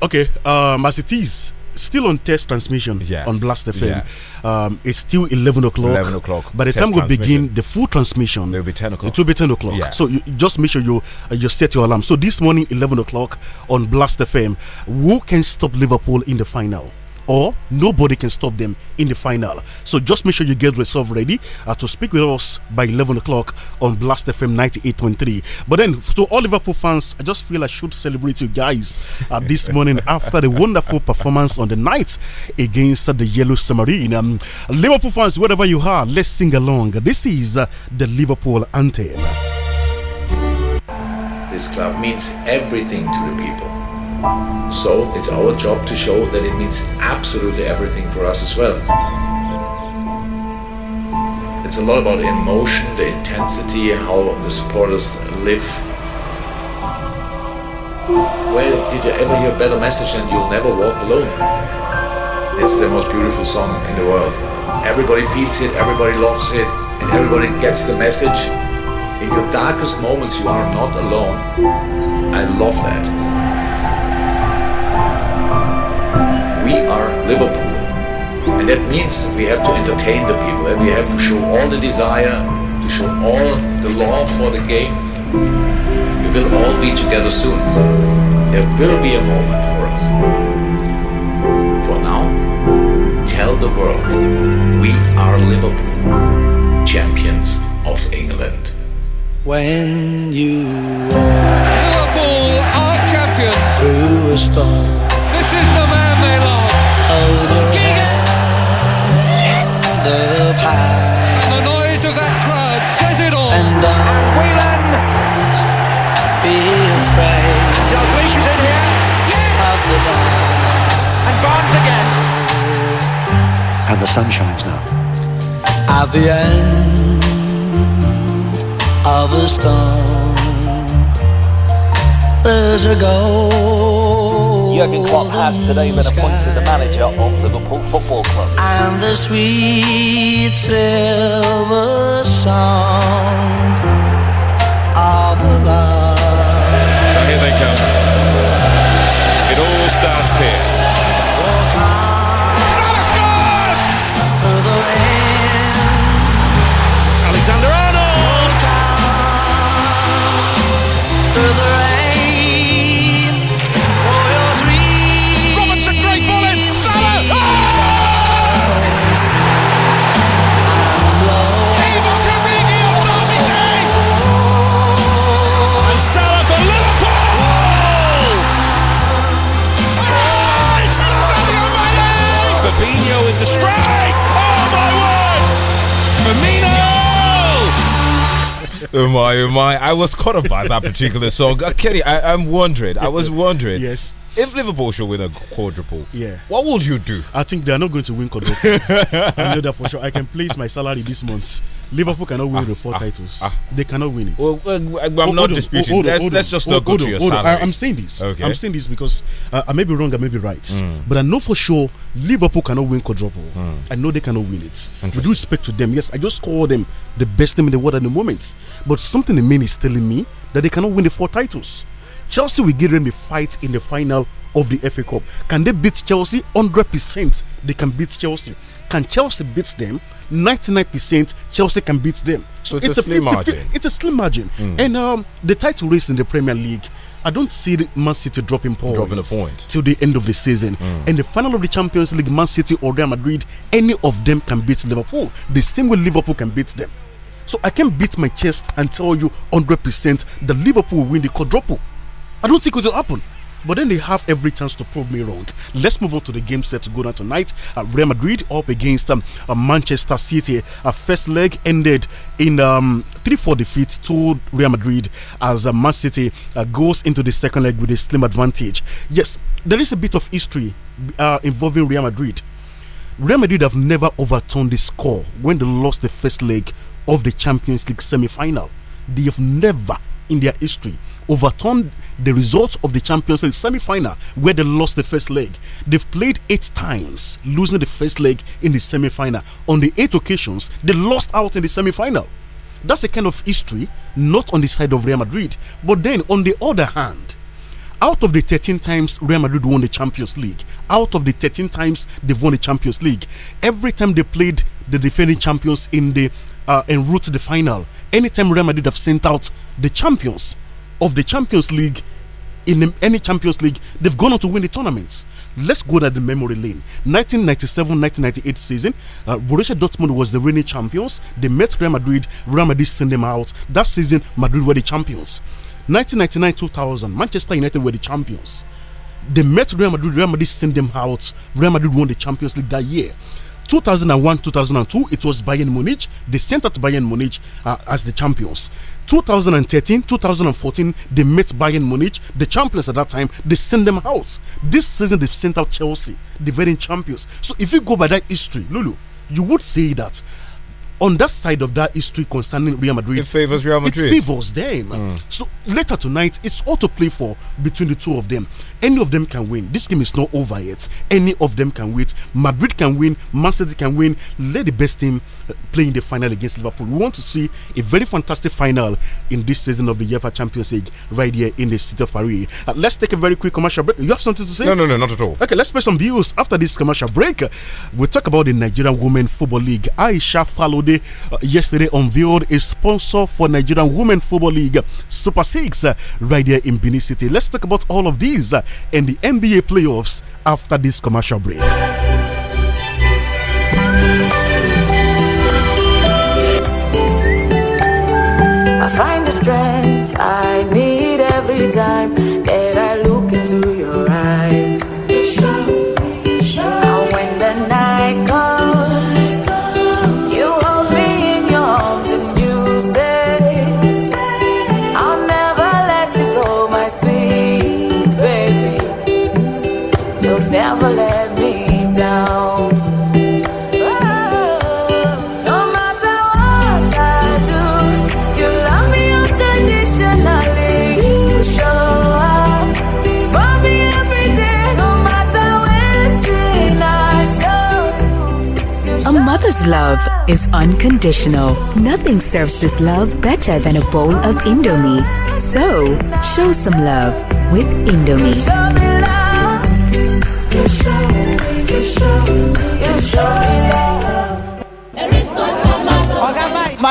F: Okay, um, as it is, still on test transmission yes. on Blast FM. Yeah. Um, it's still 11 o'clock. 11 o'clock. By the time we begin the full transmission, it'll be 10 o'clock. It will be 10 o'clock. Yeah. So you, just make sure you uh, you set your alarm. So this morning, 11 o'clock on Blast FM, who can stop Liverpool in the final? or nobody can stop them in the final. So just make sure you get yourself ready uh, to speak with us by 11 o'clock on Blast FM 98.3. But then, to all Liverpool fans, I just feel I should celebrate you guys uh, this morning after the wonderful performance on the night against uh, the Yellow Submarine. Um, Liverpool fans, wherever you are, let's sing along. This is uh, the Liverpool anthem.
M: This club means everything to the people so it's our job to show that it means absolutely everything for us as well. It's a lot about emotion, the intensity, how the supporters live. Where did you ever hear a better message than You'll Never Walk Alone? It's the most beautiful song in the world. Everybody feels it, everybody loves it, and everybody gets the message. In your darkest moments, you are not alone. I love that. we are Liverpool. And that means we have to entertain the people and we have to show all the desire, to show all the love for the game. We will all be together soon. There will be a moment for us. For now, tell the world we are Liverpool, champions of England.
N: When you
O: walk Liverpool are champions
N: through a storm.
O: This is the
E: the sun shines now. At
P: the end of a storm,
J: there's a goal. Jurgen Klopp has today been appointed the manager of Liverpool Football Club. And the sweet silver song
A: of love.
J: So here
O: they come.
A: oh my, oh my. I was caught up by that particular song. Uh, Kenny, I, am wondering. I was wondering. yes. If Liverpool should win a quadruple, yeah, what would you do?
F: I think they are not going to win quadruple. I know that for sure. I can place my salary this month Liverpool cannot win ah, the four ah, titles. Ah. they cannot win it. I'm not disputing. let's, just not go to your side. I, am saying this. I'm saying this because uh, I may be wrong, I may be right, mm. but I know for sure Liverpool cannot win quadruple. Mm. I know they cannot win it. With respect to them, yes, I just call them the best team in the world at the moment, but something the main is telling me that they cannot win the four titles. Chelsea will give them a fight in the final of the FA Cup. Can they beat Chelsea? 100% they can beat Chelsea can Chelsea beat them? 99% Chelsea can beat them. So it's, it's a, a, slim 50, margin. It's a slim margin. Mm. And um, the title race in the Premier League, I don't see Man City dropping points dropping a point till the end of the season. Mm. And the final of the Champions League, Man City or Real Madrid, any of them can beat Liverpool. The same way Liverpool can beat them. So I can beat my chest and tell you 100% that Liverpool will win the quadruple. I don't think it will happen. But then they have every chance to prove me wrong. Let's move on to the game set to go down tonight. Uh, Real Madrid up against um, uh, Manchester City. Uh, first leg ended in um, 3 4 defeat to Real Madrid as uh, Man City uh, goes into the second leg with a slim advantage. Yes, there is a bit of history uh, involving Real Madrid. Real Madrid have never overturned the score when they lost the first leg of the Champions League semi final. They have never in their history overturned the results of the Champions League semi-final where they lost the first leg. They've played eight times, losing the first leg in the semi-final. On the eight occasions, they lost out in the semi-final. That's the kind of history, not on the side of Real Madrid. But then, on the other hand, out of the 13 times Real Madrid won the Champions League, out of the 13 times they've won the Champions League, every time they played the defending champions in the uh, en route to the final, anytime Real Madrid have sent out the champions, of the Champions League in any Champions League, they've gone on to win the tournament. Let's go down the memory lane. 1997-1998 season, uh, Borussia Dortmund was the reigning champions. They met Real Madrid. Real Madrid sent them out. That season, Madrid were the champions. 1999-2000, Manchester United were the champions. They met Real Madrid. Real Madrid sent them out. Real Madrid won the Champions League that year. 2001 2002 it was Bayern Munich they sent out Bayern Munich uh, as the champions 2013, 2014, they met Bayern Munich, the champions at that time, they sent them out. This season, they've sent out Chelsea, the very champions. So if you go by that history, Lulu, you would say that on that side of that history concerning Real
A: Madrid, it favors Real Madrid. It
F: favors them. Mm. So later tonight, it's all to play for between the two of them. Any of them can win. This game is not over yet. Any of them can win. Madrid can win. Man City can win. Let the best team uh, play in the final against Liverpool. We want to see a very fantastic final in this season of the UEFA Champions League right here in the city of Paris. Uh, let's take a very quick commercial break. You have something to say? No, no, no, not at all. Okay, let's play some views after this commercial break. we talk about the Nigerian Women Football League. Aisha Falode uh, yesterday unveiled a sponsor for Nigerian Women Football League Super 6 uh, right here in Benin City. Let's talk about all of these uh, and the NBA playoffs after this commercial break. I
D: find the strength I need every time
E: love is unconditional. Nothing serves this love better than a bowl of Indomie. So, show some love with Indomie. Show me love. You
N: show, you show, you show.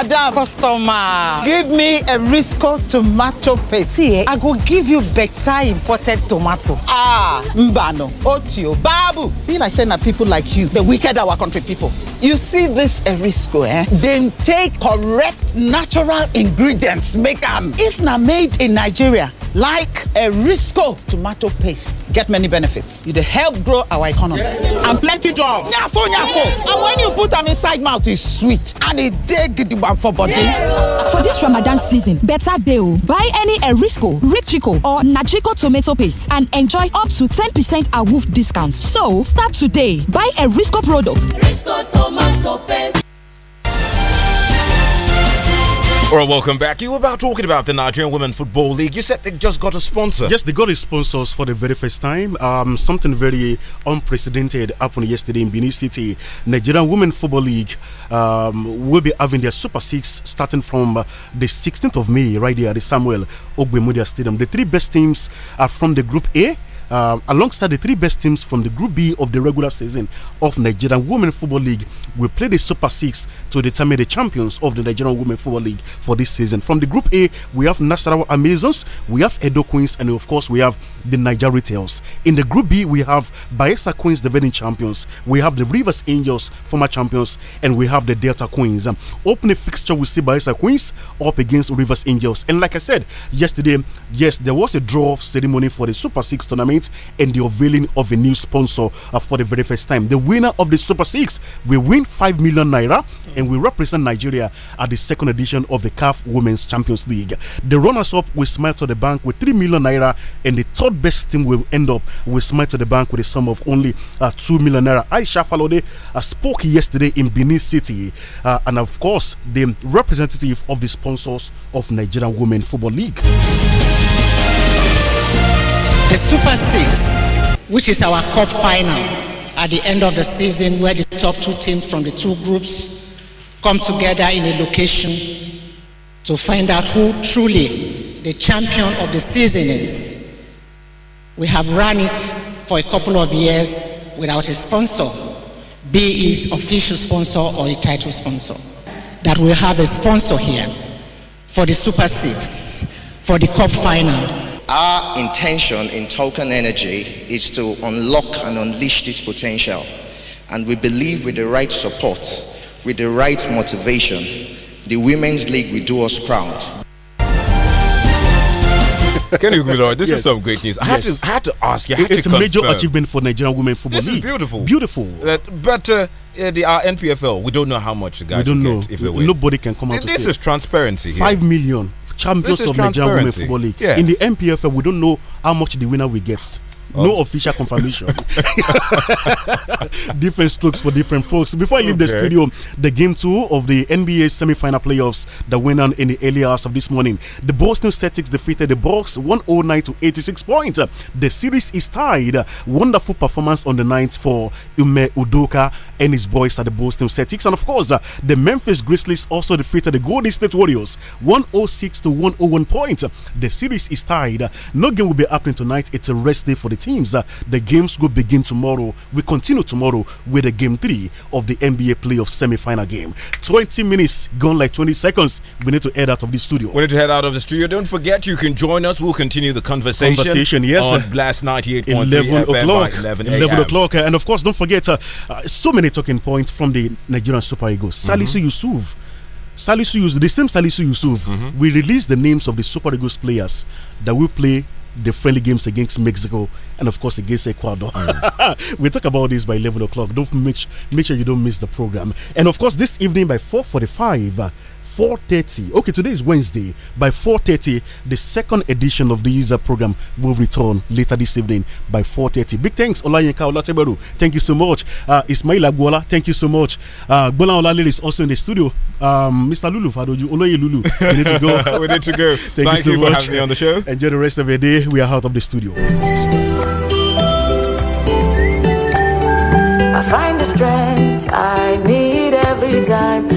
E: Madam.
H: Customer. Give me a Risco tomato paste. See, eh? I go give you better imported tomato. Ah, Mbano, Otio, Babu. Be like saying that people like you, the wicked our country people. You see this Erisco, eh? They take correct natural ingredients, make them. If not made in Nigeria, like Erisco tomato paste get many benefits. You dey help grow our economy. Yes. And plenty jobs. Nyafo nyafo! And when you put am inside mouth, e sweet and e dey gidigba for body. Yes. For this Ramadan season, better dey o. Buy any Erisco, Riptrico or Natrico tomato paste and enjoy up to ten percent awoof discount. So, start today. Buy Erisco products. Erisco tomato paste.
A: All right, welcome back. You were about talking about the Nigerian Women Football League. You said they just got a sponsor. Yes,
F: they got a sponsor for the very first time. Um, something very unprecedented happened yesterday in Benin City. Nigerian Women Football League um, will be having their Super Six starting from uh, the 16th of May, right here at the Samuel Ogbemudia Stadium. The three best teams are from the Group A uh, alongside the three best teams from the Group B of the regular season of Nigerian Women Football League will play the Super Six to determine the champions of the Nigerian Women Football League for this season. From the Group A, we have Nasarawa Amazons, we have Edo Queens, and of course we have the Nigeria Tales. In the Group B, we have Bayelsa Queens, defending champions. We have the Rivers Angels, former champions, and we have the Delta Queens. Um, opening fixture, we see Bayelsa Queens up against Rivers Angels. And like I said yesterday, yes, there was a draw ceremony for the Super Six tournament minutes and the unveiling of a new sponsor uh, for the very first time. The winner of the Super Six will win 5 million naira and will represent Nigeria at the second edition of the CAF Women's Champions League. The runners up will smile to the bank with 3 million naira and the third best team will end up with smile to the bank with a sum of only uh, 2 million naira. Aisha Falode uh, spoke yesterday in Benin City uh, and, of course, the representative of the sponsors of Nigerian Women Football League the Super Six, which is our cup final at the end of the season, where the top two teams from the two groups come together in a location to find out who truly the champion of the season is. We have run it for a couple of years without a sponsor, be it official sponsor or a title sponsor. That we have a sponsor here for the Super Six, for the Cup
A: final, our intention in token energy is to unlock and unleash this potential. And we believe with the right support, with the right motivation, the Women's League will do us proud. Kenny Ogumiloro, this yes. is some
F: great news. I, yes. had to, I had to
A: ask you. It, it's a major achievement
F: for Nigerian Women Football this League. is beautiful. Beautiful.
A: Uh, but uh, the our NPFL, we don't know how much the guys we don't know. if Nobody can come out. This, this is transparency. Here. Five million champions of Nigeria Women Football League. In
F: the MPFL, we don't know how much the winner will get. Oh. No official confirmation. different strokes for different folks. Before I leave okay. the studio, the game two of the NBA semi-final playoffs that went on in the early hours of this morning. The Boston Celtics defeated the Bucks 109 to 86 points. The series is tied. Wonderful performance on the night for Ume Udoka and his boys at the Boston Celtics. And of course, uh, the Memphis Grizzlies also defeated the Golden State Warriors 106 to 101 points. The series is tied. No game will be happening tonight. It's a rest day for the teams. Uh, the games will begin tomorrow. We continue tomorrow with the game three of the NBA playoff Semifinal game. 20 minutes gone like 20 seconds. We need to head out of the studio.
A: We need to head out of the studio. Don't forget, you can join us. We'll continue the conversation. Conversation, yes. On Blast 98.3 11 o'clock. 11
F: o'clock. And of course, don't forget forget uh, uh, so many talking points from the Nigerian Super Eagles. Mm-hmm. Salisu mm -hmm. Yusuf. Salisu Yusuf, the same Salisu Yusuf, mm -hmm. we released the names of the Super Eagles players that will play the friendly games against Mexico and of course against Ecuador. Mm. we talk about this by 11 o'clock. Don't make, make sure you don't miss the program. And of course, this evening by 4:45, uh, 4.30 okay today is wednesday by 4.30 the second edition of the user program will return later this evening by 4.30 big thanks olayinka olateberu thank you so much uh, ismail agbola thank you so much uh, Bola Olalere is also in the studio um, mr lulu fadoju oloye lulu we need to go we need to go thank, thank, you, so you for much. having me on the show enjoy the rest of your day we are out of the studio
D: I find the strength I need every time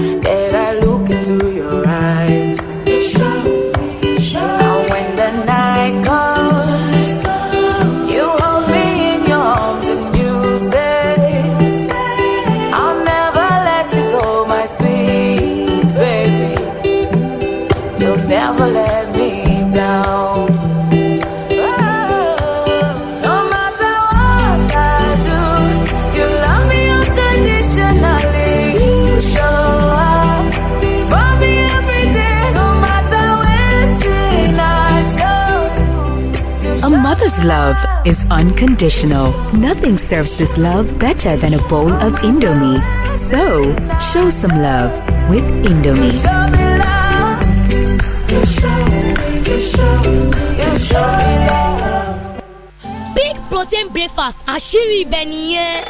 E: love is unconditional. Nothing serves this love better than a bowl of Indomie. So, show some love with Indomie.
L: Big protein breakfast àṣírí ibẹ̀ nìyẹn.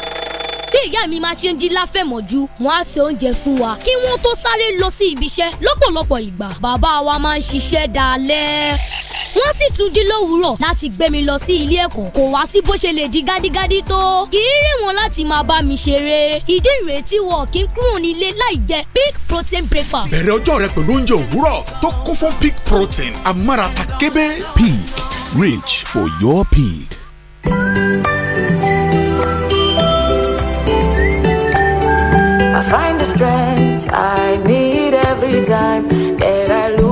L: bí ìyá mi máa ṣe ń jí láfẹ̀mọ́jú wọ́n á se oúnjẹ fún wa kí wọ́n tó sáré lọ sí ibiṣẹ́ lọ́pọ̀lọpọ̀ ìgbà bàbá wa máa ń ṣiṣẹ́ dalẹ́ wọ́n sì tún jí lówùúrọ̀ láti gbé mi lọ sí ilé ẹ̀kọ́ kò wá sí bó ṣe lè di gádígádí tó kì í rìn wọn láti máa bá mi ṣeré ìdí ìrètí wọn kì í kúrò nílé láì jẹ big protein breakfast. bẹ̀rẹ̀
F: ọjọ́ rẹ pẹ̀lú oúnjẹ
O: òwúrọ̀ tó kún fún big protein amárata kébé. peak
F: Reach for your pig. I
D: find the strength I need every time that I lose.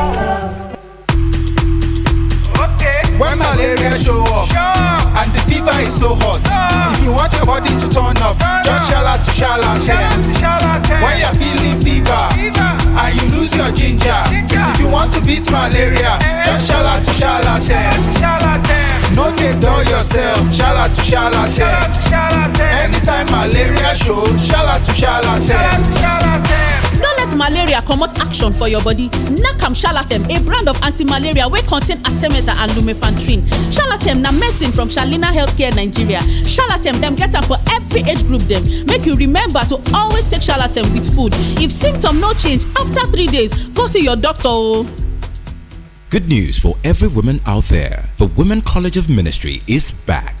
G: charlatan. Anytime malaria show, charlatan, charlatan.
H: no let malaria comot action for
D: your body nakam shalatem a brand of anti-malaria wey contain atemeta and lumefantrine shalatem na medicine from shalina healthcare nigeria shalatem them get up for every age group Them make you remember to always take shalatem with food if symptom no change after three days go see your doctor oh.
A: Good news for every woman out there. The Women College of Ministry is back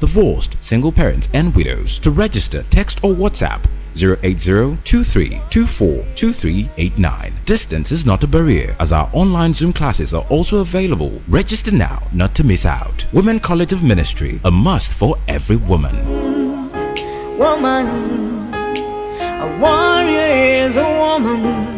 A: divorced, single parents, and widows. To register, text or WhatsApp 80 2324 Distance is not a barrier as our online Zoom classes are also available. Register now not to miss out. Women College of Ministry, a must for every woman.
N: Woman, a warrior is a woman.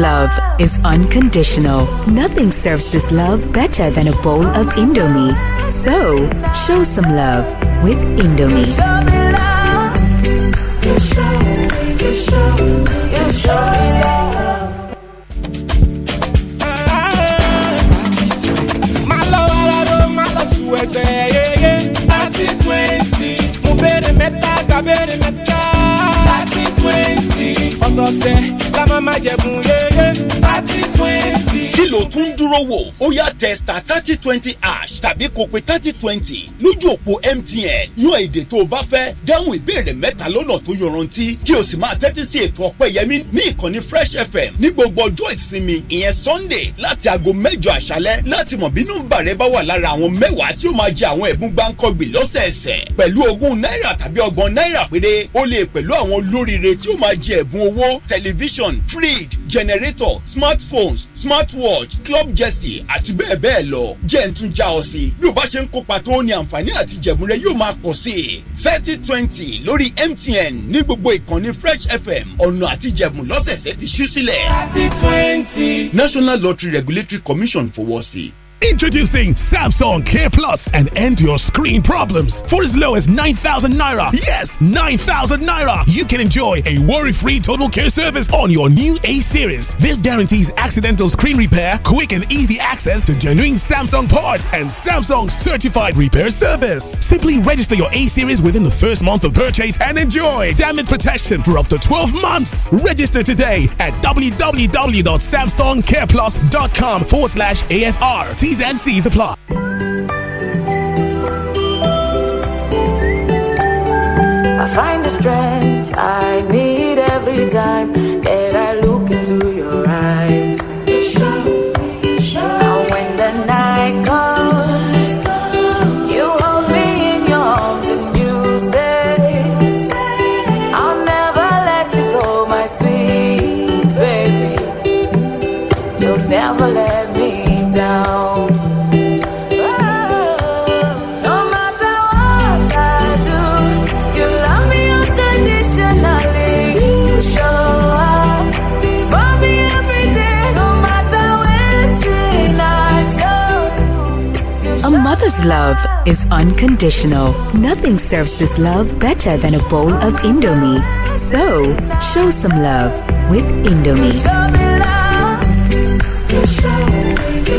E: love is unconditional. Nothing serves this love better than a bowl of Indomie. So, show some love with Indomie.
O: Thirty twenty, mo bèrè mẹ́ta gba bèrè mẹ́ta. Thirty twenty, ọ̀sọ̀ọ̀sẹ̀ la májẹ̀mú yéyé. thirty twenty tó tún dúró wò ó yá testa
F: thirty twenty ash tàbí kó thirty twenty lójú òpó MTN yan èdè tó o bá fẹ́ dáhùn ìbéèrè mẹ́ta lọ́nà tó yọrantí kí o sì máa tẹ́tí sí ètò ọpẹ́yẹmí ní ìkànnì Fresh FM ní gbogbo ọjọ́ ìsinmi ìyẹn Sunday láti aago mẹ́jọ àṣálẹ́ láti mọ̀ bí nọ́mbà rẹ bá wà lára àwọn mẹ́wàá tí ó máa jẹ àwọn ẹ̀bùn gbáǹkọ́gbì lọ́sẹ̀ẹsẹ̀ pẹ̀lú ogún náírà tàbí ọgbọ̀n náírà péré ó lè pẹ̀lú àwọn olóríire tí ó máa jẹ ẹ̀bùn owó tẹlifíṣàn fridge generator smartphones smartwatch club jersey àti bẹ́ẹ̀ bẹ́ẹ̀ lọ jẹ́ ń tún já ọ sí bí o bá ṣe ń kópa tó ní àǹfààní àti jẹ̀bùn rẹ yóò máa pọ̀ sí i thirty twenty lórí MTN ní gbogbo ìkànnì Fresh FM ọ̀nà àti jẹ̀bùn lọ́sẹ̀ẹ̀sẹ̀ ti ṣú sílẹ̀. thirty twenty. National Lottery Regulatory Commission fowọ́ sí i. Introducing
O: Samsung K Plus and end your screen problems. For as low as 9,000 Naira, yes, 9,000 Naira, you can enjoy a worry free total care service on your new A series. This guarantees accidental screen repair, quick and easy access to genuine Samsung parts, and Samsung certified repair service. Simply register your A series within the first month of purchase and enjoy damage protection for up to 12 months. Register today at www.samsungcareplus.com forward slash AFR. T's and C's apply. I
D: find the strength I need every time that I look
E: love is unconditional. Nothing serves this love better than a bowl of Indomie. So, show some love with Indomie. Show me love.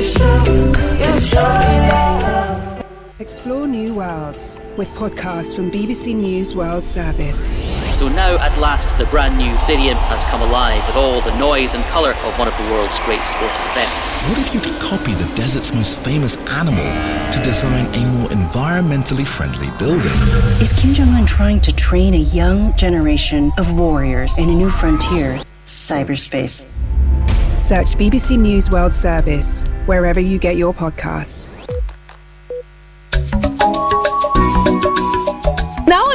E: show, show me love. Explore new worlds with podcasts from BBC News World Service.
M: So
H: now, at last, the brand new stadium has come alive with all the noise and colour of one of the world's great sporting events. What
A: if you could copy the desert's most famous animal to design a more environmentally friendly building?
E: Is Kim Jong un trying to train a young generation of warriors in a new frontier, cyberspace? Search BBC News World Service wherever you get your podcasts.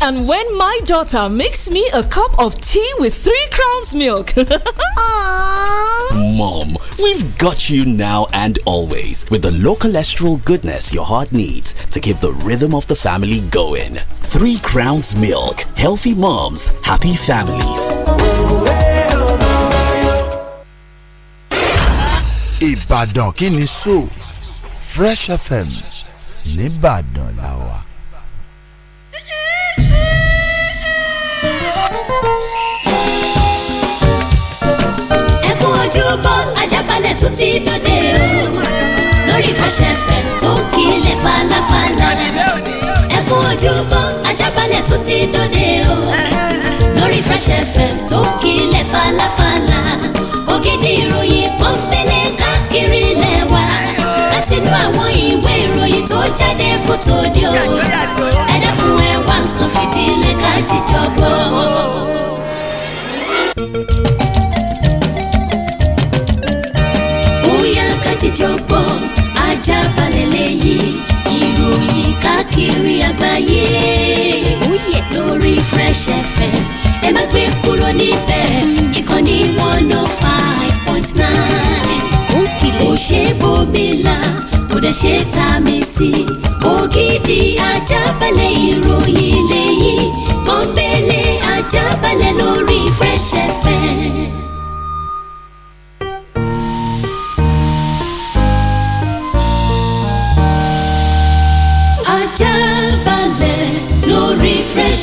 N: and when my daughter makes me a cup of tea with three crowns milk.
H: Mom, we've got you now and always with the low cholesterol goodness your heart needs to keep the rhythm of the family going. Three crowns milk. Healthy moms, happy families.
G: Ibadan kini so Fresh FM Nìbàdàn wa.
L: gbajúmọ̀ ajábalẹ̀ tún ti dòde o lórí Fresh FM tó ń kílẹ̀ falafala ẹ kú ojúmọ́ ajábalẹ̀ tún ti dòde o lórí Fresh FM tó ń kílẹ̀ falafala ògidì ìròyìn pọ́npẹ́lẹ́ káàkiri lẹ́wà láti inú àwọn ìwé ìròyìn tó jáde fún tòde o ẹ dẹ́kun nǹkan fìdílé ká jíjọ gbọ́. ọ̀jọ̀gbọ́n Ajaabale lẹ́yìn ìròyìn káàkiri àgbáyé oh lórí Fresh FM ẹ má gbé kúrò níbẹ̀ ìkànnì one oh five point nine ó kìlẹ̀ ó ṣe bòmílà kò dẹ̀ ṣe tá a mi sí ògidì Ajaabale ìròyìn lẹ́yìn pọ́npẹ́lẹ́ Ajaabale lórí Fresh FM.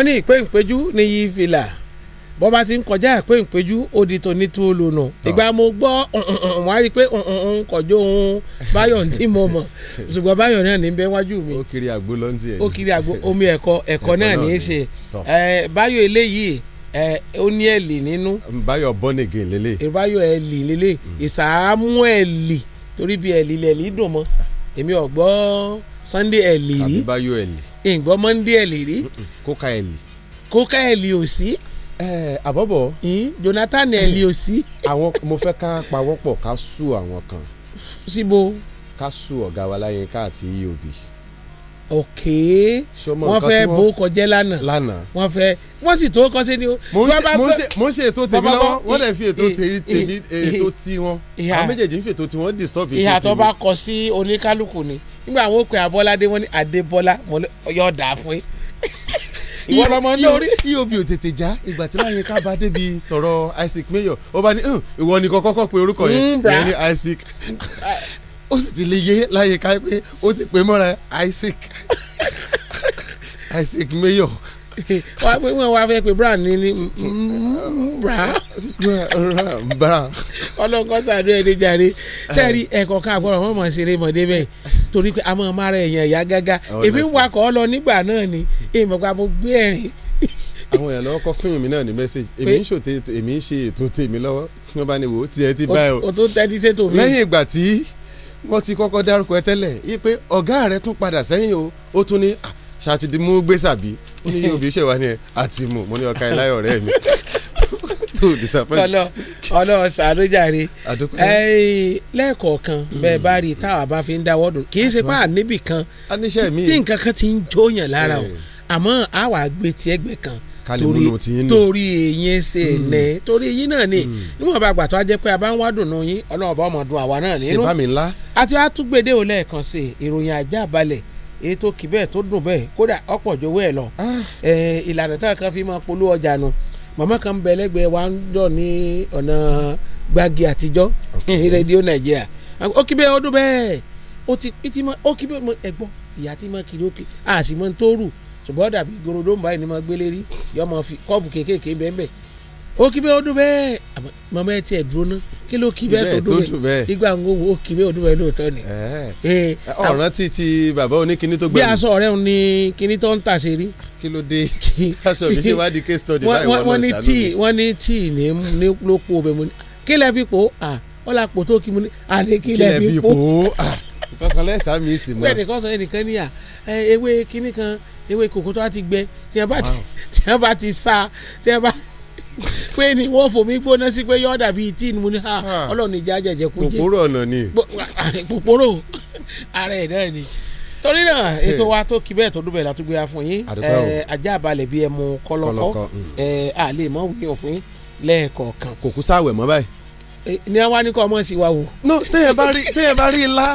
P: wọ́n ní ìpé ìpéjú ní yí fìlà bọ́ bá ti ń kọjá ìpé ìpéjú ó di tó ní tú lónà ìgbà mo gbọ́ wọ́n á rí i pé kọjọ́ òun báyọ̀ tí mo mọ̀ ṣùgbọ́n báyọ̀ náà ní bẹ́ẹ̀ wájú mi ó kiri àgbo ló ń tiẹ̀ ó kiri àgbo omi ẹ̀kọ ẹ̀kọ náà ní í ṣe báyọ̀ eléyìí ó ní ẹ̀lì nínú báyọ̀ bọ́nìgì lélẹ̀ báyọ̀ ẹ̀lì lélẹ̀ hmm. ìsàámú ẹ̀lì torí bí ẹ̀lì lẹ̀lì dùn mọ́ èmi ọ̀gbọ́n Sunday ẹ̀lì rí àbí báyọ̀ ẹ̀lì ìgbọ́ mọ́ndé ẹ̀ lè rí. kóka ẹ̀ lè. kóka ẹ̀ lè ò sí. ẹ àbọ̀bọ̀. Jonathan ẹ̀ lè ò sí. àwọn mo fẹ́ ká pawọ́pọ̀ ká sú
G: àwọn kan. síbo. ká sú ọ̀gá wa Láyínká àti Òbí. E
P: ok wọ́n fẹ́ bó kọjẹ́ lánàá. lánàá. wọ́n fẹ́ wọ́n sì tó kọ́ sí ni o. mo ń ṣe ètò tèmi lọ́wọ́ wọ́n lè fi ètò tèmi ètò tiwọn àwọn méjèèjì ń
G: fi ètò tiwọn disturb ètò tèmi. ìyàtọ̀ bá
P: kọ sí oníkálukú ni nígbà àwọn òkè abọ́ládé wọn ní adébọ́lá yóò dà á fún yín ìwọ lọmọ ní orí.
G: eob ò tètè já ìgbà tí láyé ká bá débi tọ̀rọ̀ isaac mayor ó bá ní ìwọ nìkan kọ́kọ́ pé orúkọ yẹn hmm, ìyẹn ní isaac ó sì ti lè yé láyé ká pé ó ti pè mọ́ra isaac
P: isaac mayor wọ́n wá fẹ́ pé bra ní ní bra bra ọlọ́kọ́ sàdúrà ẹni jàre sẹ́ẹ̀rí ẹ̀kọ́ ká àgbọ̀rọ̀ wọn mọ̀ ṣeré mọ̀dé bẹ́ẹ̀ torí pé a mọ̀ máa ra èèyàn ìyá gágá èmi ń wakọ̀ lọ nígbà náà ni èèmọ̀ pa mo gbé ẹ̀rín.
G: àwọn èèyàn lọ́wọ́ kọ́ fíìmù mi náà ní mẹ́sẹ̀gì èmi ń ṣòtè èmi ń ṣe ètò tèmi lọ́wọ́ tí wọ́n bá ní wò ó tiẹ̀ ti báyọ̀ o
P: tó tẹ́tí sétò mi lẹ́yìn ìgbà
G: tí wọ́n ti kọ́kọ́ dárúkọ ẹ tẹ́lẹ̀ yí pé ọ̀gá rẹ tún padà sẹ́yìn o ó tún ní ṣàtìdí mú gbé sàbí ó ní yóò bí iṣẹ́ wa ni ẹ àti mò mo ní ọkà ẹ láyọ̀ ọ̀rẹ́ mi
P: tó disappoint. ọlọ ọlọ sàlójàre lẹ́ẹ̀kọ̀ọ̀kan bẹ́ẹ̀ mm. bá rí táwa bá fi ń dáwọ́ dùn kì í ṣe pé àníbì kan tí nǹkan kan ti ń jóyàn lára o eh. àmọ́ àwa gbé ti ẹgbẹ́ kan torí torí eyín ṣe ẹnẹ mm. torí eyín náà ni mm. níwọ̀n bá gbàtọ́ ajẹ́ pé a bá ń wádùn nù yín ọlọ́run bá ọmọ dùn àwa náà nínú àti àtúgbèdè ò lẹ́ẹ̀kan sí ìròyìn àjá balẹ̀ ètò kì bẹ́ẹ̀ tó dùn bẹ́ẹ̀ kódà ọ̀pọ̀ jowó ẹ̀ lọ. Ah. ìlànà táwọn kan fi máa polówó ọjà ma màmá kan bẹ lẹ́gbẹ̀ẹ́ wa ń dọ̀ ní ọ̀nà gbági àtijọ́ rédíò nàìjíríà ó ọdún bẹ́ẹ̀ ó ti ó ẹ̀gbọ́n ìyá kiri tó rù ṣùgbọ́n dàbí gorodó ń báyìí ni máa gbélé rí yọ máa fi ó kí bẹ́ẹ̀ ó dún bẹ́ẹ̀ màmá ẹ tiẹ̀ dúró ná kí ló kí bẹ́ẹ̀ tó dún bẹ́ẹ̀ nígbà ń wo ó kí bẹ́ẹ̀ ó dún bẹ́ẹ̀ lóòótọ́ ni. Eh, ọ̀ràn
G: ti ti bàbá oníkíní tó gbẹ̀mí. bí aṣọ
P: ọ̀rẹ́ òun ni kíní tó ń tà ṣe rí. kí ló dé aṣọ mi ṣe wá di case study báyìí wọn lọ ṣàlùmí. wọ́n ní tíì ní ló pò bẹ́ẹ̀ mu ni kí lẹ́ fi pò ó ó pò tó kí mu ni àní kí lẹ́ fi pò ó. kankan lẹ́sàá mi sì mọ́. bẹ́ẹ̀ nìkan sọ ẹnìkan níyà pé ni wọ́n fòmí gbóná sí pé yọ̀ọ́ dàbí tí mo ní ha ah, ah. ọlọ́run ìjà jẹ̀jẹ̀ kó jẹ́ pòpòrò ọ̀nà ni pòpòrò ara ẹ̀ náà ni torí náà ètò wa tó kí bẹ́ẹ̀ tó dúbẹ̀ la tó gbé wa fún yín ajá balẹ̀ bí mm. ẹ mu kọ́lọ́kọ́ a lè mọ̀ wíyàn yín lẹ́ẹ̀kọ̀ọ̀kan. kò kú sáwẹ̀ mọ́ báyìí. ni a wá ní kọ́ ọmọ sí wa wò. no téèyàn bá rí téèyàn bá rí ilá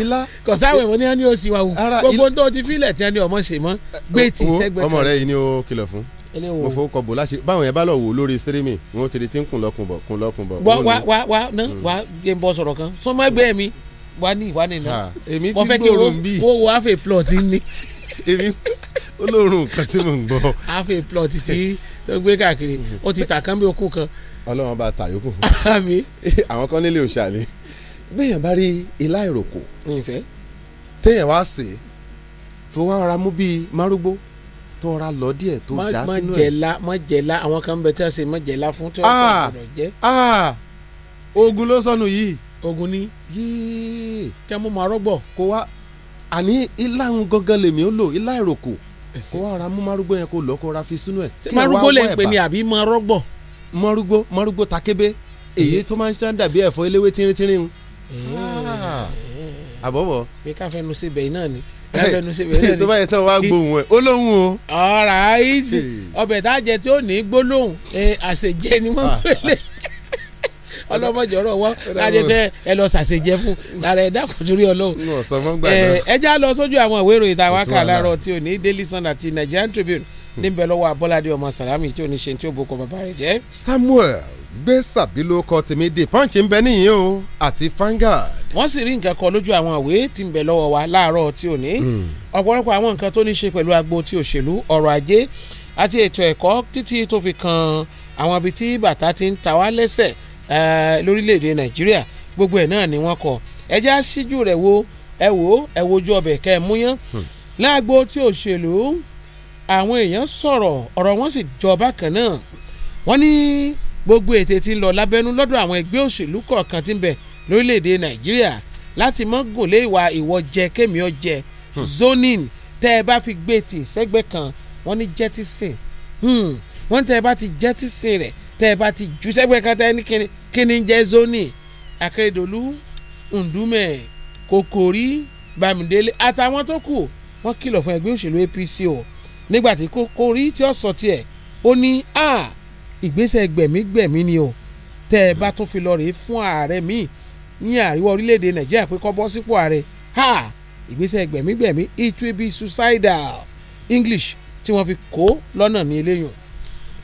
P: ilá. kọ̀sáwẹ̀ wọn ni a ní o sì wa wò gbogbo tó ti fílẹ̀ tí a ní ọmọ ṣe mọ́ gbé tì sẹ́gbẹ̀ẹ́. ọmọ rẹ yìí
G: ni ó kìlọ̀ fún mo fowó kọ bò láṣẹ báwọn yẹn bá lọ wò lórí sírímì wọn ti di ti ń kùn lọkùn bọ kùn lọkùn bọ. wá wá wá
P: wá ná hmm. wá yé n bọ sọ̀rọ̀ kan sọmọ ẹgbẹ́ mi wá ní ìwá nìyẹn. èmi ti gbòòrò ń bì. mo fẹ́ kí wo wo àfẹ́ plot ní. èmi olóòórùn kan tí mò ń gbọ́. àfẹ́ plot tí tó gbé káàkiri ó ti tà kán bí okú kan. ọlọ́run bá ta yòókù. àmì. àwọn kan nílé òòṣà ni
G: gbẹ̀yàn bá rí ilá ìrókò. ǹfẹ́. téèyàn wá sè é tó wá ra mú bíi márúgbó tó ra lọ díẹ̀ tó dá sínú ẹ̀. mọ̀jẹ̀lá
P: mọ̀jẹ̀lá àwọn kan bẹ tí wọ́n ṣe mọ̀jẹ̀lá fún tí wọ́n kọ̀ ah, jẹ́. Ah, ogun ló sọnù yìí. ogun ni. yéé. kẹ́ mú ma rọ́gbọ̀. kó wa àní ilá ń
G: gangan lèmi ó lò ilá ìrókò kó wa ra mú marúgbó yẹn kó lọ kó ra fi sínú ẹ̀. marúgbó lè pè ní àbí ma rọ́gbọ̀. marúgbó marúgbó takebe èyí tó máa ń ṣá dàbí ẹ̀fọ́ eléwé tínríntín
P: ah, àbọ̀bọ̀. pé káfẹ́nu síbẹ̀ náà ni tó bá yẹ tán wá gbóhùn ẹ olóhùn o. ọ̀rá ìzì ọbẹ̀ tá a jẹ tí ó ní gbólóhùn àṣejẹ ni wọ́n ah. pèlè ọlọ́mọjọ́rọ̀ wọ́n adẹ́fẹ́ ẹ lọ ṣàṣejẹ fún lára ẹ̀ dákun torí ọlọ́run. ẹ lọ sójú àwọn ìwé ìròyìn tàwa kà láàárọ̀ tí ò ní Daily Sun àti Nigerian Tribune hmm. níbẹ̀ lọ́wọ́ Abọ́ládé ọmọ Sàlámì tí ò ní ṣe tí ó bokọ̀ bàbá rẹ̀ jẹ́.
G: Samuel gbé sàbí ló kọ tèmi dé punch ń bẹ nìyí o
P: àti Vanguard. wọ́n sì rí nǹkan kan lójú àwọn àwé tí ń bẹ lọ́wọ́ wa láàárọ̀ tí ò ní hmm. ọ̀pọ̀lọpọ̀ àwọn nǹkan tó ní ṣe pẹ̀lú agbo ti òṣèlú ọrọ̀ ajé àti ètò ẹ̀kọ́ títí tó fi kan àwọn ibi tí bàtà ti ń ta wá lẹ́sẹ̀ eh, lórílẹ̀‐èdè Nàìjíríà gbogbo ẹ̀ náà ni wọ́n kọ ẹjẹ́ aṣíjú rẹ̀ wo ẹ wo ó ẹ wojú ọbẹ̀ kẹ́ ẹ múyán hmm. láàgbo tí òṣèlú àwọn èèyàn sọ̀rọ̀ ọ̀rọ̀ wọn sì jọ bákan náà wọ́n ní gbogbo ètè ti ń lọ lábẹ́nú lọ́dọ̀ àwọn ẹgbẹ́ òṣèlú kọ̀ọ̀kan tí ń bẹ lórílẹ̀‐èdè nàìjíríà láti mọ́ gòlé ìwà ìwọ jẹ kémi ọ jẹ hmm. zonin tẹ́ ẹ bá fi gbé tì sẹ́gbẹ́ kan wọ́n ní jẹ́tísìn hmm. wọ́n tẹ́ ẹ bá ti jẹ́tísìn rẹ̀ tẹ́ ẹ bá ti ju sẹ́gbẹ́ kan tẹ́ ẹ ní kíni jẹ́ zonin akérèdọ́lù ndúmẹ̀ kòkòrí bámidélé àtàwọn tó kù wọ́n kìlọ̀ fún ẹgbẹ́ òṣèlú apc o nígbà tí kòkòrí tí ó sọ tiẹ̀ ó ní a. Ah, ìgbésẹ̀ gbẹ̀mígbẹ̀mí ni o tẹ́ ẹ bá tún fi lọ rèé fún ààrẹ míì ní àríwá orílẹ̀-èdè nàìjíríà pé kó bọ́ sípò ààrẹ ha ìgbésẹ̀ gbẹ̀mígbẹ̀mí it will be suicidal english tí wọ́n fi kó lọ́nà ní eléyìí.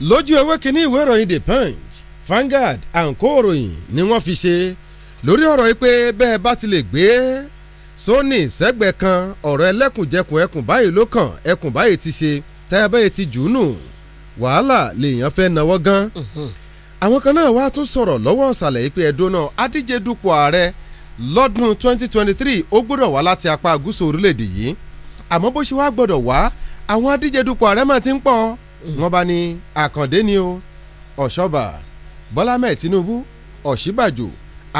P: lójú
G: ewé kínní ìwé ìròyìn the punch Vanguard àǹkó ìròyìn ni wọ́n fi ṣe lórí ọ̀rọ̀ yìí pé bẹ́ẹ̀ bá ti lè gbé sóní sẹ́gbẹ̀ẹ́ kan ọ̀rọ̀ ẹlẹ́kùnjẹkùn ẹkùn báyìí ló kàn ẹkùn báyìí ti ṣe tẹ́ ti jù nù wàhálà lèèyàn fẹ́ náwó gan mhm. àwọn kan náà wàá tún sọ̀rọ̀ lọ́wọ́ ọ̀sàlẹ̀ yìí pé ẹ̀dùn náà adíje dupò ààrẹ lọ́dún 2023 ó gbọ́dọ̀ wá láti apá gúúsù orílẹ̀-èdè yìí àmọ́ bó ṣe wá gbọ́dọ̀ wá àwọn adíje dupò ààrẹ mà ti ń pọ̀ mhm. wọ́n bá ní àkàndé ni o ọ̀ṣọ́bà bọ́lá tinubu ọ̀ṣíbàjò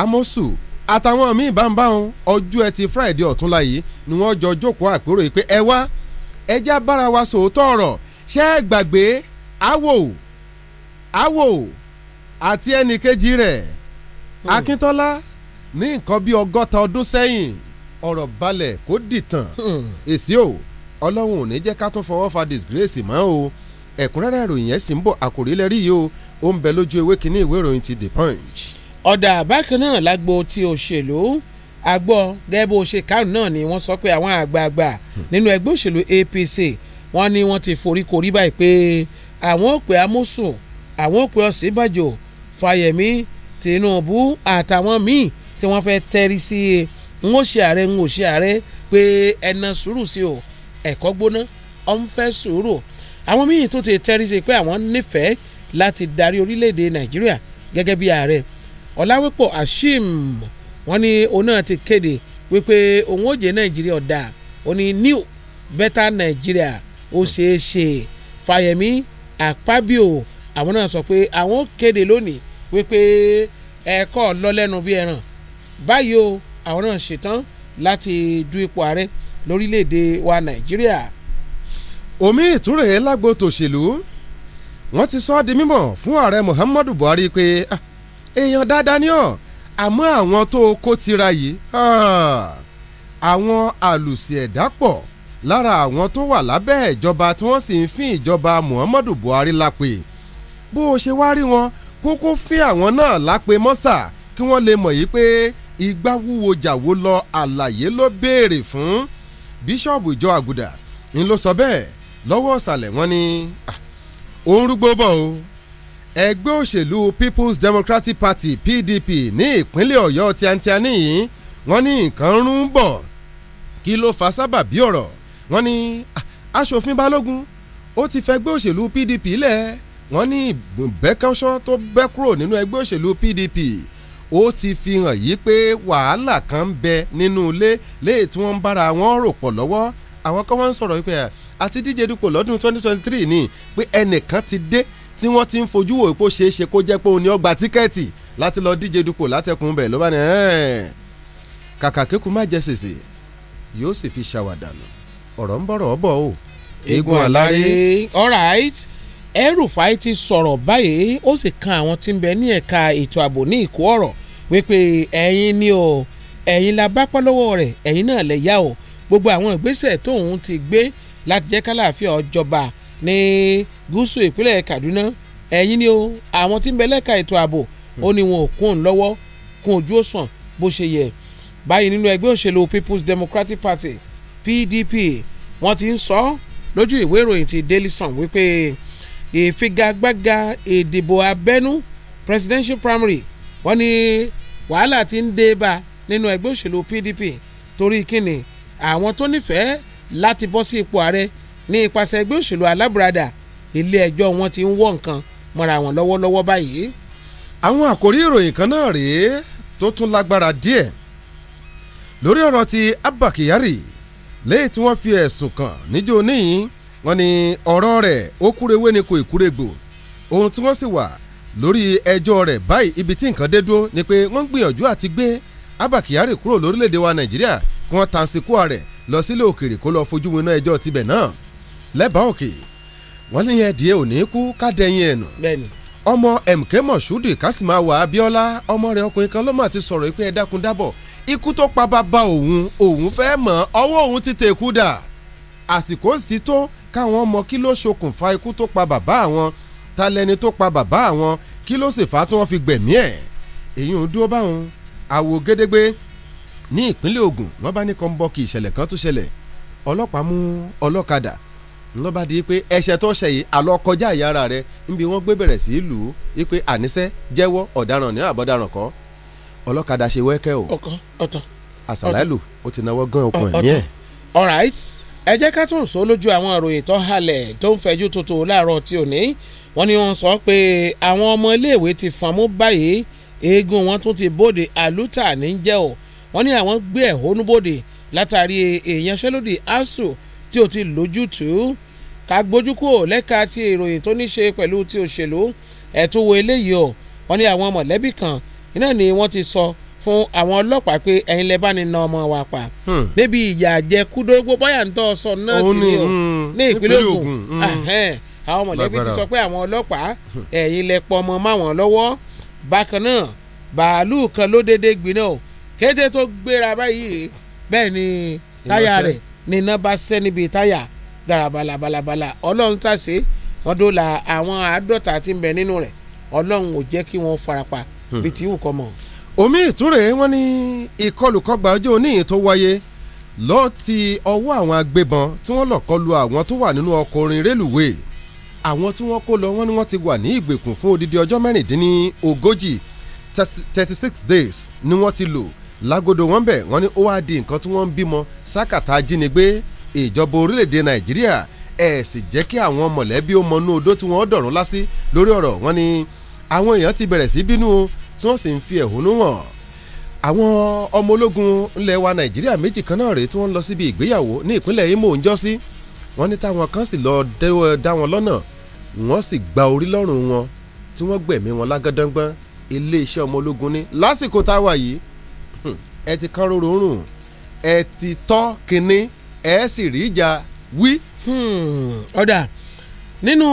G: amosu àtàwọn míì bá ń bá wọn friday ọ̀túnla yìí ni wọ́n jọ jókòó àpérò yìí pé ẹ wá ẹjá bára wa sòótọ́ ọ̀rọ̀ ṣẹ́ gbàgbé awo awo àti ẹnìkejì rẹ̀ hmm. akíntọ́lá ní nǹkan bíi ọgọ́ta ọdún sẹ́yìn ọ̀rọ̀ balẹ̀ kó dìtàn hmm. èsì o ọlọ́run ò ní jẹ́ ká tún fọwọ́ fa disgrace mọ́ o ẹ̀kúnrẹ́rẹ́ ìròyìn yẹn sì ń bọ̀ àkòrí
P: lẹ́rí yìí o ó ń bẹ lójú ewé kínní ìwé ìròyìn ti the punch. ọ̀dà bákan náà lágbo ti òṣèlú àgbọ̀ gẹ́gẹ́ bó ṣe kárùn náà ni wọ́n sọ pé àwọn àgbààgbà hmm. nínú ẹgbẹ́ òṣèlú APC wọ́n ní wọ́n ti forí korí báyìí pé àwọn òpè amúsùn àwọn òpè ọ̀sìnbàjò fàyẹ̀mí tìǹbù àtàwọn míì tí wọ́n fẹ́ tẹ́rí sí i n ó ṣe ààrẹ n ó ṣe ààrẹ pé ẹ̀nà sùúrù sí o ẹ̀kọ́ gbóná ọ̀n fẹ́ sùúrù àwọn míì tó ti tẹ́rí sí i pé àwọn nífẹ̀ẹ́ láti darí orílẹ̀-èdè nàìjíríà gẹ́gẹ́ bí ààrẹ ọ̀làwípọ̀ ashim wọ́n ní òun náà ti kéde wípé òun ó jẹ́ nàìjíríà ọ̀dà òun ní new better nàìjíríà ó ṣeé ṣe fàyẹ̀mí àpábíò àwọn náà sọ pé àwọn kéde lónìí wípé ẹ̀kọ́ lọ́lẹ́nu bíi ẹran báyìí o àwọn náà ṣetán láti du ipò ààrẹ lórílẹ̀‐èdè wa nàìjíríà.
G: omi ìtúrẹ̀ lágbo tòṣèlú wọ́n ti sọ ọ́ di mímọ̀ fún ààrẹ muhammadu buhari pé ah, èèyàn dáadáa ni ọ́ àmọ́ àwọn tó kó tira yìí ah, àwọn àlùsí ẹ̀dá pọ̀ lára àwọn tó wà lábẹ́ ìjọba tí wọ́n sì ń fín ìjọba Muhammadu Buhari lápè bó o ṣe wá rí wọn kókó fín àwọn náà lápè mọ́sà kí wọ́n lè mọ̀ yìí pé igbá wúwo jàwó lọ àlàyé ló béèrè fún bíṣọ̀bù ìjọ àgùdà ń ló sọ bẹ́ẹ̀ lọ́wọ́ ọ̀sàlẹ̀ wọn ni òun ah, rúgbó bọ̀ o ẹgbẹ́ òṣèlú People's Democratic Party PDP ní ìpínlẹ̀ Ọ̀yọ́ tiantiani yìí wọ́n ní nǹkan ń rún bọ̀ kí ló fa sábàbí ọ̀rọ̀ wọ́n ní ah, aṣòfin balógun ó ti fẹgbẹ́ òṣèlú pdp lẹ̀ wọ́n ní ìbẹ́kánṣán tó bẹ́ kúrò nínú ẹgbẹ́ òṣèlú pdp ó ti fi hàn yí pé wàhálà kan ń bẹ nínú ilé léè tí wọ́n ń bára wọn rò pọ̀ lọ́wọ́ àwọn kan wọ́n ń sọ̀rọ̀ wípé àti ah, díje dupò lọ́dún 2023 ni pé ẹnìkan ti dé tí wọ́n ti ń fojú wò pé ó ṣeé ṣe kó jẹ́ pé òun ni ó gba tíkẹ́ẹ̀tì láti lọ díje dupò látẹkùn bẹ̀ ló bá ní kàkà kékun má jẹ sèse yóò sì fi ṣàwàdànù ọ̀rọ̀ ń
P: bọ̀rọ̀ bọ̀ o.
G: eégún aláré.
P: all right El-Rufai ti sọ̀rọ̀ báyìí ó sì kan àwọn tí ń bẹ ní ẹ̀ka ètò ààbò ní ìkó ọ̀rọ̀ wípé ẹ̀yin ni o ẹ̀yin la bá pọ́ lọ́wọ́ rẹ̀ ẹ̀yin náà lè yá o gbogbo àwọn ìgbésẹ̀ tóun ti gbé láti jẹ́ kálàáfíà ọjọba ní gúúsù ìpínlẹ̀ Kaduna ẹ̀yin ni o àwọn tí ń bẹ lẹ́ka ètò ààbò ó ní wọn ò kún un lọ́wọ́ kún ojú òsàn bó ṣe yẹ báyìí nínú ẹgbẹ́ òṣèlú People's Democratic Party PDP wọ́n ti ń sọ lójú ìwé ìròyìn ti Daily Sun wípé ìfigagbága ìdìbò abẹ́nú presidential primary wọ́n ní wàhálà ti ń dé bá nínú ẹgbẹ́ òṣèlú PDP torí kíni àwọn tó nífẹ̀ẹ́ láti bọ́ sí ipò ààrẹ ní ipasẹ̀ ẹgbẹ́ òṣèlú alábùradà ilé ẹjọ́ wọn ti ń wọ́ nǹkan mọ́ra wọn lọ́wọ́lọ́wọ́ báyìí.
G: àwọn àkòrí ìròyìn kan náà rèé tó tún lágbára díẹ̀ lórí ọ̀rọ̀ ti Abba Kyari lẹ́yìn tí wọ́n fi ẹ̀sùn kàn níjó níyìn wọ́n ní ọ̀rọ̀ rẹ̀ ó kúrewé ni kò ìkúregbò ohun tí wọ́n sì wà lórí ẹjọ́ rẹ̀ báyìí ibi tí nǹkan dé dúró ni pé wọ́n ń gbìyànjú àti gbé Abba Kyari kúrò lórílẹ̀‐èdè wa Nàìjíríà kí wọ́n tansikú rẹ̀ lọ sílé òkèèrè kó lọ fojú winá ẹjọ́ tibẹ̀ náà lẹ́bàá òkè wọ́n ní ẹ̀dìẹ́ òní kú kádẹ́yìn ẹ̀nù ọmọ MK Moshood Kásìmáwá Abíọ́lá ọmọ rẹ̀ ọkùnrin kan ló mà ti sọ̀rọ̀ pé ẹ ikú tó pa bàbá òun òun fẹ́ mọ̀ ọwọ́ òun ti tèkú dà àsìkò sì tó káwọn mọ kí ló ṣokùnfà ikú tó pa bàbá àwọn ta lẹni tó pa bàbá àwọn kí ló sì fà á tí wọ́n fi gbẹ̀mí ẹ̀ èyí ò dúró báwọn àwò gédégbé ní ìpínlẹ̀ Ògùn wọ́n bá ní kọ́ńbọ́ọ̀kì ìṣẹ̀lẹ̀ kan tó ṣẹlẹ̀ ọlọ́pàá mú ọlọ́kadà ló bá di pé ẹ̀ṣẹ̀ tó ṣe yìí àlọ́ kọjá ìyára rẹ̀ níbi wọ́n gbé bẹ̀rẹ̀ sí í lù ú pé àníṣe ní àbọ̀daràn kan ọlọ́kadà ṣe wẹ́kẹ́ o
P: ọkọ ọtọ
G: àṣàlálù ó ti náwó gan ọkàn yẹn.
P: all right ẹ jẹ́ ká tún sọ lójú àwọn ìròyìn tó halẹ̀ tó ń fẹjú tuntun láàárọ̀ tí ò ní wọ́n ní wọ́n sọ pé àwọn ọmọ iléèwé ti fàmú báyìí eégún wọn tún ti bóde àlùtà ní jẹ́ o wọ́n ní àwọn gbé ẹ̀hónú bóde látàrí ìyanṣẹ́lódì asuu tí ó ti lójútùú ká gbójú kúrò lẹ́ka ti ìròyìn tó ní ṣe pẹ̀lú ti òṣèlú ẹ̀túnwó eléyìí o wọ́n ní àwọn mọ̀lẹ́bí kan iná ni wọ́n ti sọ fún àwọn ọlọ́pàá pé ẹ̀yin lẹ́ bá na ọmọ wa pa débi hmm. ìyà jẹ kúdógó bóyá ń tọ́ sọ náà sí ni o hmm, ní ìpínlẹ̀ Ògùn hmm. àwọn mọ̀lẹ́bí ti sọ pé àwọn ọlọ́pàá ẹ̀yin lẹ pọ̀ ọmọ máwọn lọ́wọ́ bákan náà bàálù kan ló dédé gbiná o kété tó gbéra báyìí bẹ́ẹ̀ ni táyà rẹ̀ ni iná bá sẹ́ níbi táyà gara balabalabala ọlọ́run tàṣe wọ́n dóòlà àwọn àádọ́ta tí ń bẹ nínú rẹ̀ ọlọ́run ò jẹ́ kí wọ́n farapa Hmm. bí tí ìwù kọ́ mọ̀. omi ìtúre wọn ní
G: ìkọlùkọgbà ọjọ́ oníyìn tó wáyé lọ ti ọwọ́ àwọn agbébọn tí wọ́n lọ kọlu àwọn tó wà nínú ọkọ̀ orin rélùwéè àwọn tí wọ́n kó lọ wọ́n ní wọ́n ti wà ní ìgbèkùn fún odidi ọjọ́ mẹ́rìndínní ogójì thirty six days ni wọ́n ti lò lágodo wọn bẹ̀ wọ́n ní ó wáá di nǹkan tí wọ́n ń bímọ sákàtà ajínigbé ìjọba orílẹ̀-èdè nàìjíríà ẹ̀ sì jẹ́ kí àwọn mọ̀lẹ́bí ó mọnú odó tí wọ́n dọ̀rùn lásì lórí ọ̀rọ̀ wọn ni àwọn èèyàn ti bẹ̀rẹ̀ sí bínú o tí wọ́n sì ń fi ẹ̀hónú hàn àwọn ọmọ ológun ńlẹ̀ wa nàìjíríà méjì kan náà rèé tí wọ́n lọ síbi ìgbéyàwó ní ìpínlẹ̀ Imo ń jọ́sí wọ́n ní táwọn kan sì lọ́ọ́ dá wọn lọ́nà wọ́n sì gba orí lọ́rùn wọn tí wọ́n gbẹ̀mí wọn lágádángbọ́n iléeṣẹ́ ọmọ ológun ní lásìkò táwa yìí hmm, ẹ ti kán róró rùn ẹ ti tọ́ kinní ẹ sì rí ìjà
P: wí. Hmm, ọ̀dà nínú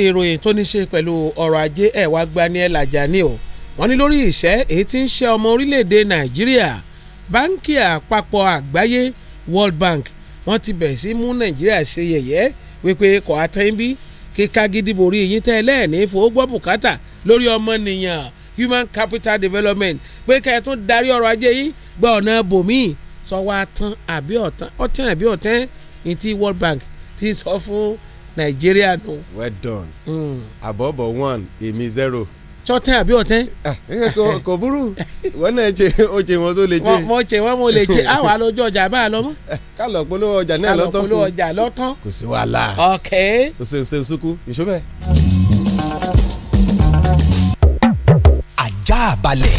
P: ìròyìn tó ní ṣe pẹ̀lú ọrọ̀ ajé ẹ̀ wá gba làjà ní o. Hmm, wọ́n ní lórí ìṣẹ́ èyí tí ń ṣe ọmọ orílẹ̀-èdè nàìjíríà báńkì àpapọ̀ àgbáyé world bank wọ́n ti bẹ̀rẹ̀ sí mú nàìjíríà ṣe yẹ̀yẹ́ wípé kọ́ àtẹ́ńbí kíka gidi borí yín tẹ́ lẹ́ẹ̀ní fowógbọ́ bùkátà lórí ọmọnìyàn human capital development pé ká ẹ tún darí ọrọ̀ ajé yín gba ọ̀nà bòmíì sọ wá tán àbí ọ̀tán ọ̀tán àbí ọ̀tán ní ti world bank ti sọ fún nàìjíríà nù. well done àbọ̀bọ̀ hmm. one èmi zero tọ́tẹ́ àbí ọ̀tẹ́. Ah, eh, kò burú wọn náà ṣe ó ṣe wọn tó lè ṣe. mo ṣe wọn mo lè ṣe àwọn alójú ọjà bá a lọ mọ. Eh, kálọ̀ polówó ọjà náà lọ́tọ́ kù kálọ̀ polówó ọjà lọ́tọ́. kò sí wàhálà ok kò sí ṣe nsukku ìṣó ajá balẹ̀.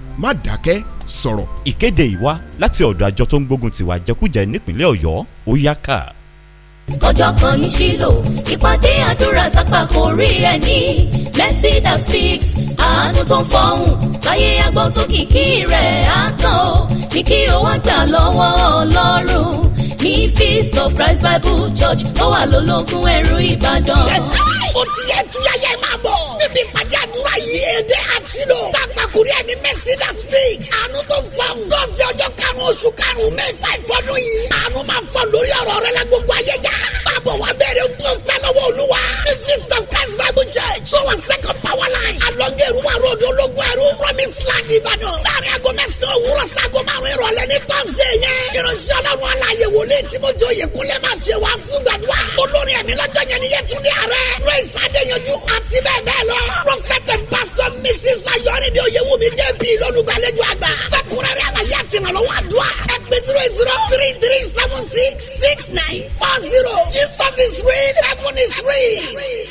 G: má
F: dákẹ́
C: sọ̀rọ̀. ìkéde ìwá láti ọ̀dọ̀ àjọ tó ń gbógun tiwa jẹkújẹ nípínlẹ̀ ọ̀yọ́ ó
M: yá ká.
L: ọjọ́ kan ní Ṣílò ìpàdé àdúrà tápà kò rí ẹni mercy that speaks àánú tó ń fọhùn láyé agbọ́n tó kìkì rẹ̀ á tán o ní kí o wá gbà lọ́wọ́ ọlọ́run ní feast of Christ Bible Church tó wà lólógún ẹ̀rú Ìbàdàn. ó ah, ti yẹ túyáyá
H: máa bọ̀ di ìpàdé àdúrà yìí èdè àtìlò. Tàgbàkúrẹ́ ẹni Mercy that Àánú tó ń fọ̀. ọjọ́ karùn-ún oṣù karùn-ún mẹ́fà ìfọ́nú yìí. Àánú máa fọ lórí ọ̀rọ̀ rẹ la gbogbo ayé já bọ̀ wá bẹ̀rẹ̀ tó fẹ́ lọ́wọ́ olúwa. the feast of christ bible church so one second power line alongeruwa road ológun ẹ̀rú promise land ìbàdàn láàrin aago mẹ́sàn-án òwúrọ̀ sago márùn-ún ìrọ̀lẹ́ ní thursday yẹn. irunṣẹ́ ọlọ́run aláyẹ̀ wòlé timothy oyekunle máa ṣe wá fún gbàdúrà. olórin ẹ̀mí lọ́jọ́ yẹn ni yẹtúndé ààrẹ grace adéyanjú àti bẹ́ẹ̀ bẹ́ẹ̀ lọ. prophet and pastor mrs ayọ̀rìndé oyewumi jp lọ́lùgbàlejò àgbà. fẹ́kúrẹ́rẹ́ àlàyé àti ìrànlọ́wọ́ àdúrà. ẹgbẹ́ zero zero three three seven six six nine four zero. Jesus is real. Heaven is real.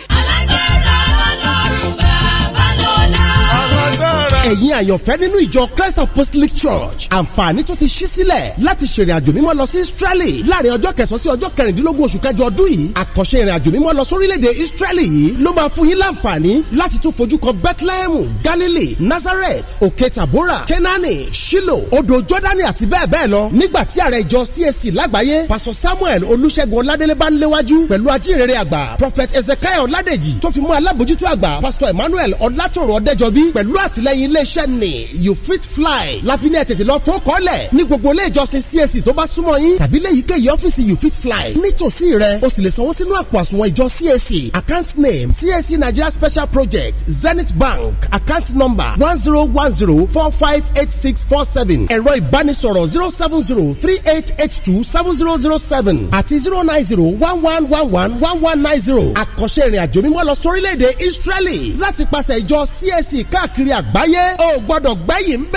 F: ẹ̀yin àyànfẹ́ nínú ìjọ Christ Apostolic Church àǹfààní tó ti ṣí sílẹ̀ láti ṣèrìn àjò mímọ́ lọ sí Israeli láàrin ọjọ́ kẹsàn-án sí ọjọ́ kẹrìndínlógún oṣù kẹjọ ọdún yìí àkànṣe ìrìn àjò mímọ́ lọ sórílẹ̀-èdè Israeli yìí ló máa fún yín láǹfààní láti tún fojú kan Bethlehem Galilee Nazareth Òkè Tabora Kenani Shilo odò Jordani àti bẹ́ẹ̀ bẹ́ẹ̀ lọ nígbà tí ààrẹ ìjọ CAC lágbàáyé Pastor Samuel Olúṣẹ́gun Ọládélé bá ń léwájú pẹ̀lú Prophet Ezekiel Ọládèjì tó fi mú alábòjútó Pastor Emmanuel Ọlátòrò Ọdẹ́jọb bí pẹ̀lú àtìlẹyìn iléeṣẹ́ ni you fit fly láfínà tètè lọ fọ́kọ́lẹ̀ ní gbogbo ilé ìjọsìn CAC tó bá súnmọ́ yín tàbí léyìíkéyìí ọ́fíìsì you fit fly nítòsí rẹ o sì lè sanwó sínú àpò àsùnwọ̀n ìjọ CAC account name CAC Nigeria Special Project Zenith Bank account number one zero one zero four five eight six four seven ẹ̀rọ ìbánisọ̀rọ̀ zero seven zero three eight eight two seven zero zero seven àti zero nine zero one one one one one one nine zero àkọsẹ́ ìrìn àjò mímọ́ lọ sórílẹ̀-èdè Israeli láti pàṣẹ ìjọ CAC káàkiri àgbáyé o gbọ́dọ̀ gbẹ́yìn ń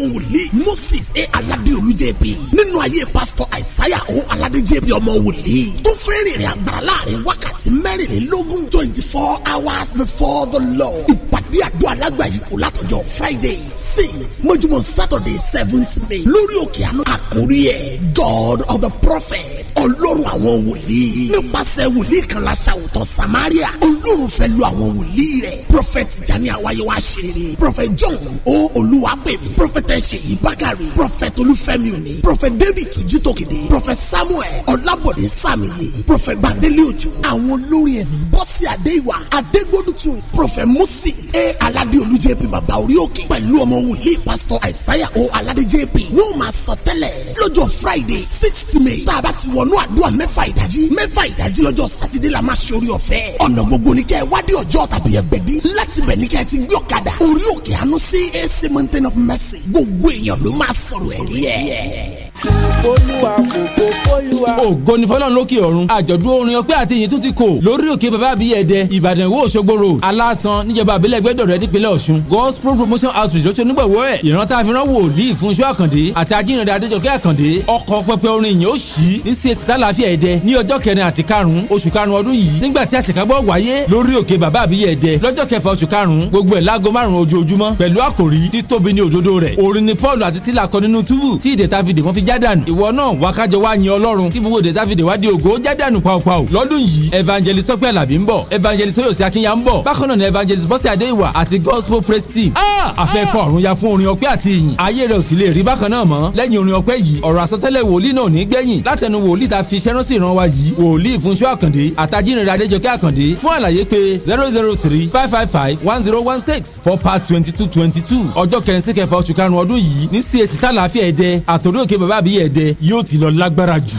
H: ọlọ́run wòlíì moses e aládé olú jp nínú ayé pásítọ̀ àìsáyà o aládé jp ọmọ wòlíì tó fẹ́ rìnrìn àgbàrá láàrin wákàtí mẹ́rìnlélógún twenty four hours before the lord ìpàdé àdó alágbà yìí kò látọjọ́ friday six mọ́júmọ́ saturday seventh may lórí òkè àná àkórí ẹ̀ god of the prophet ọlọ́run àwọn wòlíì nípasẹ̀ wòlíì kan la samaria ọlọ́run fẹ́ lu àwọn wòlíì rẹ̀ prophet jani awayewa ṣeré prophet john o olúwa pèmí prophet dr ṣèyí bákàrè prophet olúfẹ́mi òní prophet david tujitokede prophet samuel ọlábọ̀dé sàmìyẹ prophet gbadélé òjò àwọn olórin ẹ̀mí bọ́sì adéwà adégbòdú prophet musi e aládé olú jp bàbá orí òkè pẹ̀lú ọmọ wòlíì pastor àìsáyà o aládé jp wọ́n máa sọ tẹ́lẹ̀ lọ́jọ́ friday sixth may tá a bá ti wọnú àdúrà mẹ́fà ìdájí mẹ́fà ìdájí lọ́jọ́ sátidé la máa ṣe orí ọ̀fẹ́ ọ̀nà gbogbo ní kẹ́ ẹ wádìí ọjọ́ tàbí ẹgbẹ̀dí láti bẹ̀ ní kẹ́ ẹ ti gbé
M: ọ̀kadà orí òkè àánú sí ac mountain of mercy gbogbo èèyàn ló
H: máa sọ̀rọ̀ ẹ̀rí ẹ̀.
M: olúwa fògo fólúwa. ògo ni fọlọ́run lókè ọ̀run àjọ̀dún orin ọpẹ́ àti ìyìn tún ti kò lórí òkè bàbá àbí ẹ̀dẹ ìbàdàn ìwó òṣogbo road alásan níjọba àbílẹ̀ gbẹ́dọ̀rẹ́ nípínlẹ̀ ọ̀ṣun gospel promotion outreach ló ṣe onígbọ̀wọ́ ẹ̀ ìrántá àfihàn wòlíì fún iṣẹ́ àkàndé àti ajínrere adéjọkẹ́ àkàndé ọkọ̀ pẹpẹ orin ìyìn ó ṣí ní csc tálàfíà ẹ̀dẹ ní ọjọ́ kẹrin àti karùn-ún oṣù karùn-ún ọdún yìí nígbà tí àṣekágbọ́ wáyé lórí òkè bàbá àbí ẹ̀dẹ lọ́jọ́ kẹfà oṣù karùn-ún gbogbo ẹ̀ láago márùn-ún ojoojúmọ́ pẹ̀lú àkòrí títóbi ní òdodo rẹ̀ orin ni paul àti sílà kọ nínú túbù tí ìdẹ̀ta fi dè wọ́n fi j jádànù ìwọ náà wákàjọ wá yin ọlọ́run kí gbogbo dèjàfidè wá di ògo jádànù pàápàá lọ́dún yìí evangelist sọpẹ́ alábí ń bọ̀ evangelist oyosi akínya ń bọ̀ bákan náà ni evangelist bọ́sẹ̀ adéwà àti gospel praise team ah! ah! afẹ́fọ́ ah! ọ̀run ya fún orin ọpẹ́ àti ìyìn ayé rẹ̀ ò sì lè rí bákan náà mọ́ lẹ́yìn orin ọpẹ́ yìí ọ̀rọ̀ àsọtẹ́lẹ̀ wòlíì náà ní gbẹ̀yìn látẹnu wòlíì ta fi iṣẹ́ ránṣẹ́ ìran wa yìí wòlíì Fúnṣọ́ Àkàndé àtàjínrere Adéjọkẹ́ Àkàndé fún àlàyé pé zero zero three five five five one zero one six for part twenty two twenty two ọjọ́ kẹrin sí kẹfà oṣù karùn-ún ọdún yìí ní CAC tàlàáfíà ẹ̀dẹ́ àtòrí òkè bàbá tàbí ẹ̀dẹ yóò ti lọ lágbára jù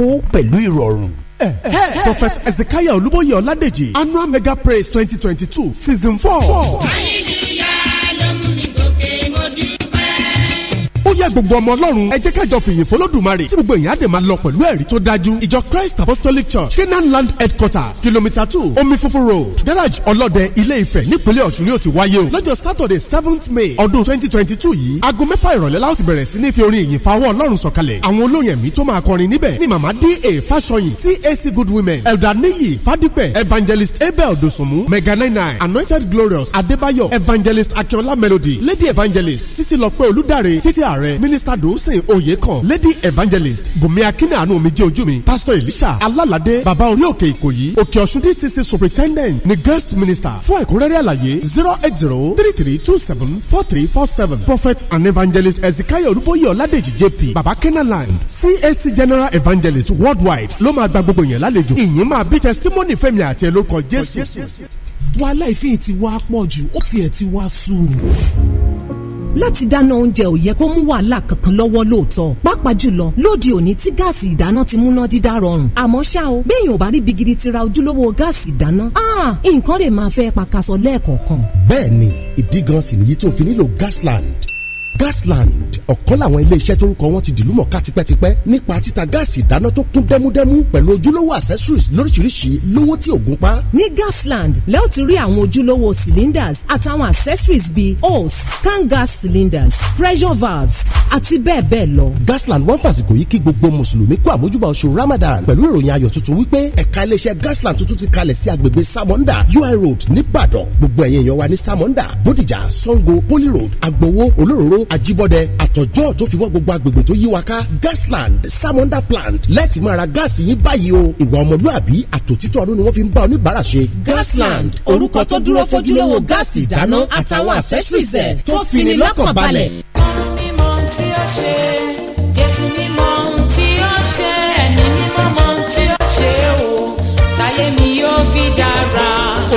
F: owó pẹ̀lú ìrọ̀rùn. prophet ezekiah olúbóyè ọládèjì annual mega praise 2022 twenty two season four. four. ó yẹ gbogbo ọmọ ọlọ́run ẹ jẹ́ kájọ fìyìn fọlọ́dùmarè tí gbogbo èèyàn dè máa lọ pẹ̀lú ẹ̀rí tó dájú ìjọ christ apostolic church canaan land headquarters kìlómítà two omi funfun road garage ọlọ́dẹ ilé ifẹ̀ nípínlẹ̀ ọ̀ṣun ni ó ti wáyé o lọ́jọ́ saturday seventh may ọdún twenty twenty two yìí aago mẹ́fà ìrọ̀lẹ́ láti bẹ̀rẹ̀ sí ní fi orin ìyìn fa ọlọ́run sọ̀kalẹ̀ àwọn olórin ẹ̀mí tó máa ni màmá d a fásọyìn cac good women elder niyi evangelist abel dosunmu mega nine nine anointed glorious adébáyọ̀ evangelist akínọlá melody lady evangelist títílọpẹ́ olùdarí títí ààrẹ mínísítà dòsìn oyèkàn lady evangelist bùnmi akínàánú omijé ojú mi pásítọ̀ elisha alálàdé bàbá orí òkè ìkòyí òkè ọ̀ṣun dcc superintendent ni guest minister fún ẹ̀kúnrẹ́rẹ́ àlàyé zero eight zero three three two seven four three four seven prophet and evangelist ezekiel olúbóyè ọ̀ládèjì jp baba kenaland cac general evangelist worldwide ló máa gba gbogbo yẹn lálejò ìyìn máa bí testimony fẹ́mi àti ẹ̀ lórúkọ jésù
O: wàhálà ìfihìn ti wá pọ̀ jù ó tiẹ̀ ti wá
H: sùúrù láti dáná oúnjẹ ò yẹ kó mú wàhálà kankan lọ́wọ́ lóòótọ́ pàápàá jùlọ lóde òní tí gáàsì ìdáná ti múná dídá rọrùn àmọ́ ṣá o béèyàn ò bá rí bigidi ti ra
D: ojúlówó gáàsì ìdáná ah, nǹkan rẹ̀ máa fẹ́ pakasọ lẹ́ẹ̀kọ̀ọ̀kan.
F: bẹ́ẹ̀ni ìdí gan sì nìyí tó fi nílò Gasland Gasland ọ̀kan làwọn iléeṣẹ́ tórúkọ wọn ti dìlú mọ̀ká tipẹ́tipẹ́ nípa títa gáàsì ìdáná tó kún dẹ́múdẹ́mú pẹ̀lú ojúlówó accessories lóríṣiríṣi lówó tí ògùn pa. ní
D: Gasland lẹ́ẹ̀ ti rí àwọn ojúlówó cylinders àtàwọn accessories
H: bíi hose can gas cylinders pressure valves àti bẹ́ẹ̀ bẹ́ẹ̀ lọ.
F: Gasland wọ́n fàsìkò yìí kí gbogbo mùsùlùmí kó àmójúbà oṣù Ramadan pẹ̀lú ìròyìn ayọ̀ tuntun wípé ẹ̀ka iléeṣẹ́ Gasland tuntun ti kalẹ̀ sí agbègbè Samonda road nìbàdàn gbogbo ẹ̀yin èèyàn wa ní Samonda Bódìjà Sango road Agbowo Olóróró àjíbọ̀dẹ àtọ̀jọ́ tó fi wọ́n gbogbo agbègbè tó yí wa ká gasland samonda plant láti máa ra gáàsì yín báyìí o ìwà ọmọlúàbí àtòtítọ́ ọdún ni wọ́n fi ń bá oníbàárà ṣe. gasland orúkọ tó dúró fojúlówó gáàsì ìdáná àtàwọn
N: accessories ẹ̀ tó fini lọ́kàn balẹ̀. àmì mọ̀ tí ó ṣe é.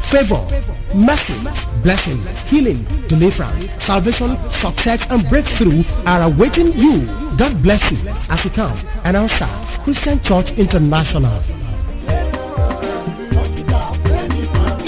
F: favor, mercy, blessing, healing, deliverance, salvation, success, and breakthrough are awaiting you. God bless you as you come and answer Christian Church International.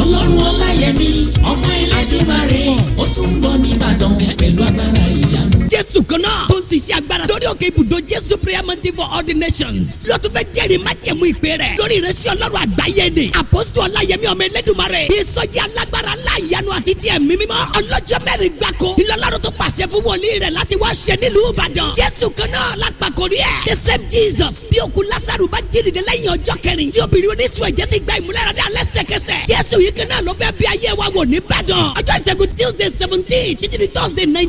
O: ọlọ́run ọláyẹmí ọmọ ẹlẹ́dùnmarè ó tún ń bọ̀
H: nìbàdàn
D: pẹ̀lú agbára
H: ìyá jésù kan náà tó ń ṣiṣẹ́ agbára lórí òkè ibùdó jésù prayer mountain for all the nations ló tún fẹ́ jẹ́rìí májẹ̀mú ìpè rẹ̀ lórí ìrẹsì ọlọ́run àgbáyé ni àpòsù ọláyẹmí ọmọ ẹlẹ́dùnmarè ìsọjí alágbára láàyànú àti tiẹ̀ mímímọ́ ọlọ́jọ́ mẹ́rin gbáko ìlọlọ́run tó pàṣẹ fún wòlíì rẹ̀ láti wá ṣe nílùú ìbàdàn jésù kan náà lápàkórí ẹ̀ the same jesus bí òkú lásàrù bá jíǹde lẹ́yìn ọjọ́ kẹrin tí obìnrin oníṣu ẹ̀jẹ̀ sì gba ìmúláradá
N: lẹ́sẹ̀kẹsẹ̀ jésù yìí kan náà ló fẹ́ bí ayé wa wò ní ìbàdàn ọjọ́ ìṣẹ́gun tuesday seventeen títí di thursday nineteen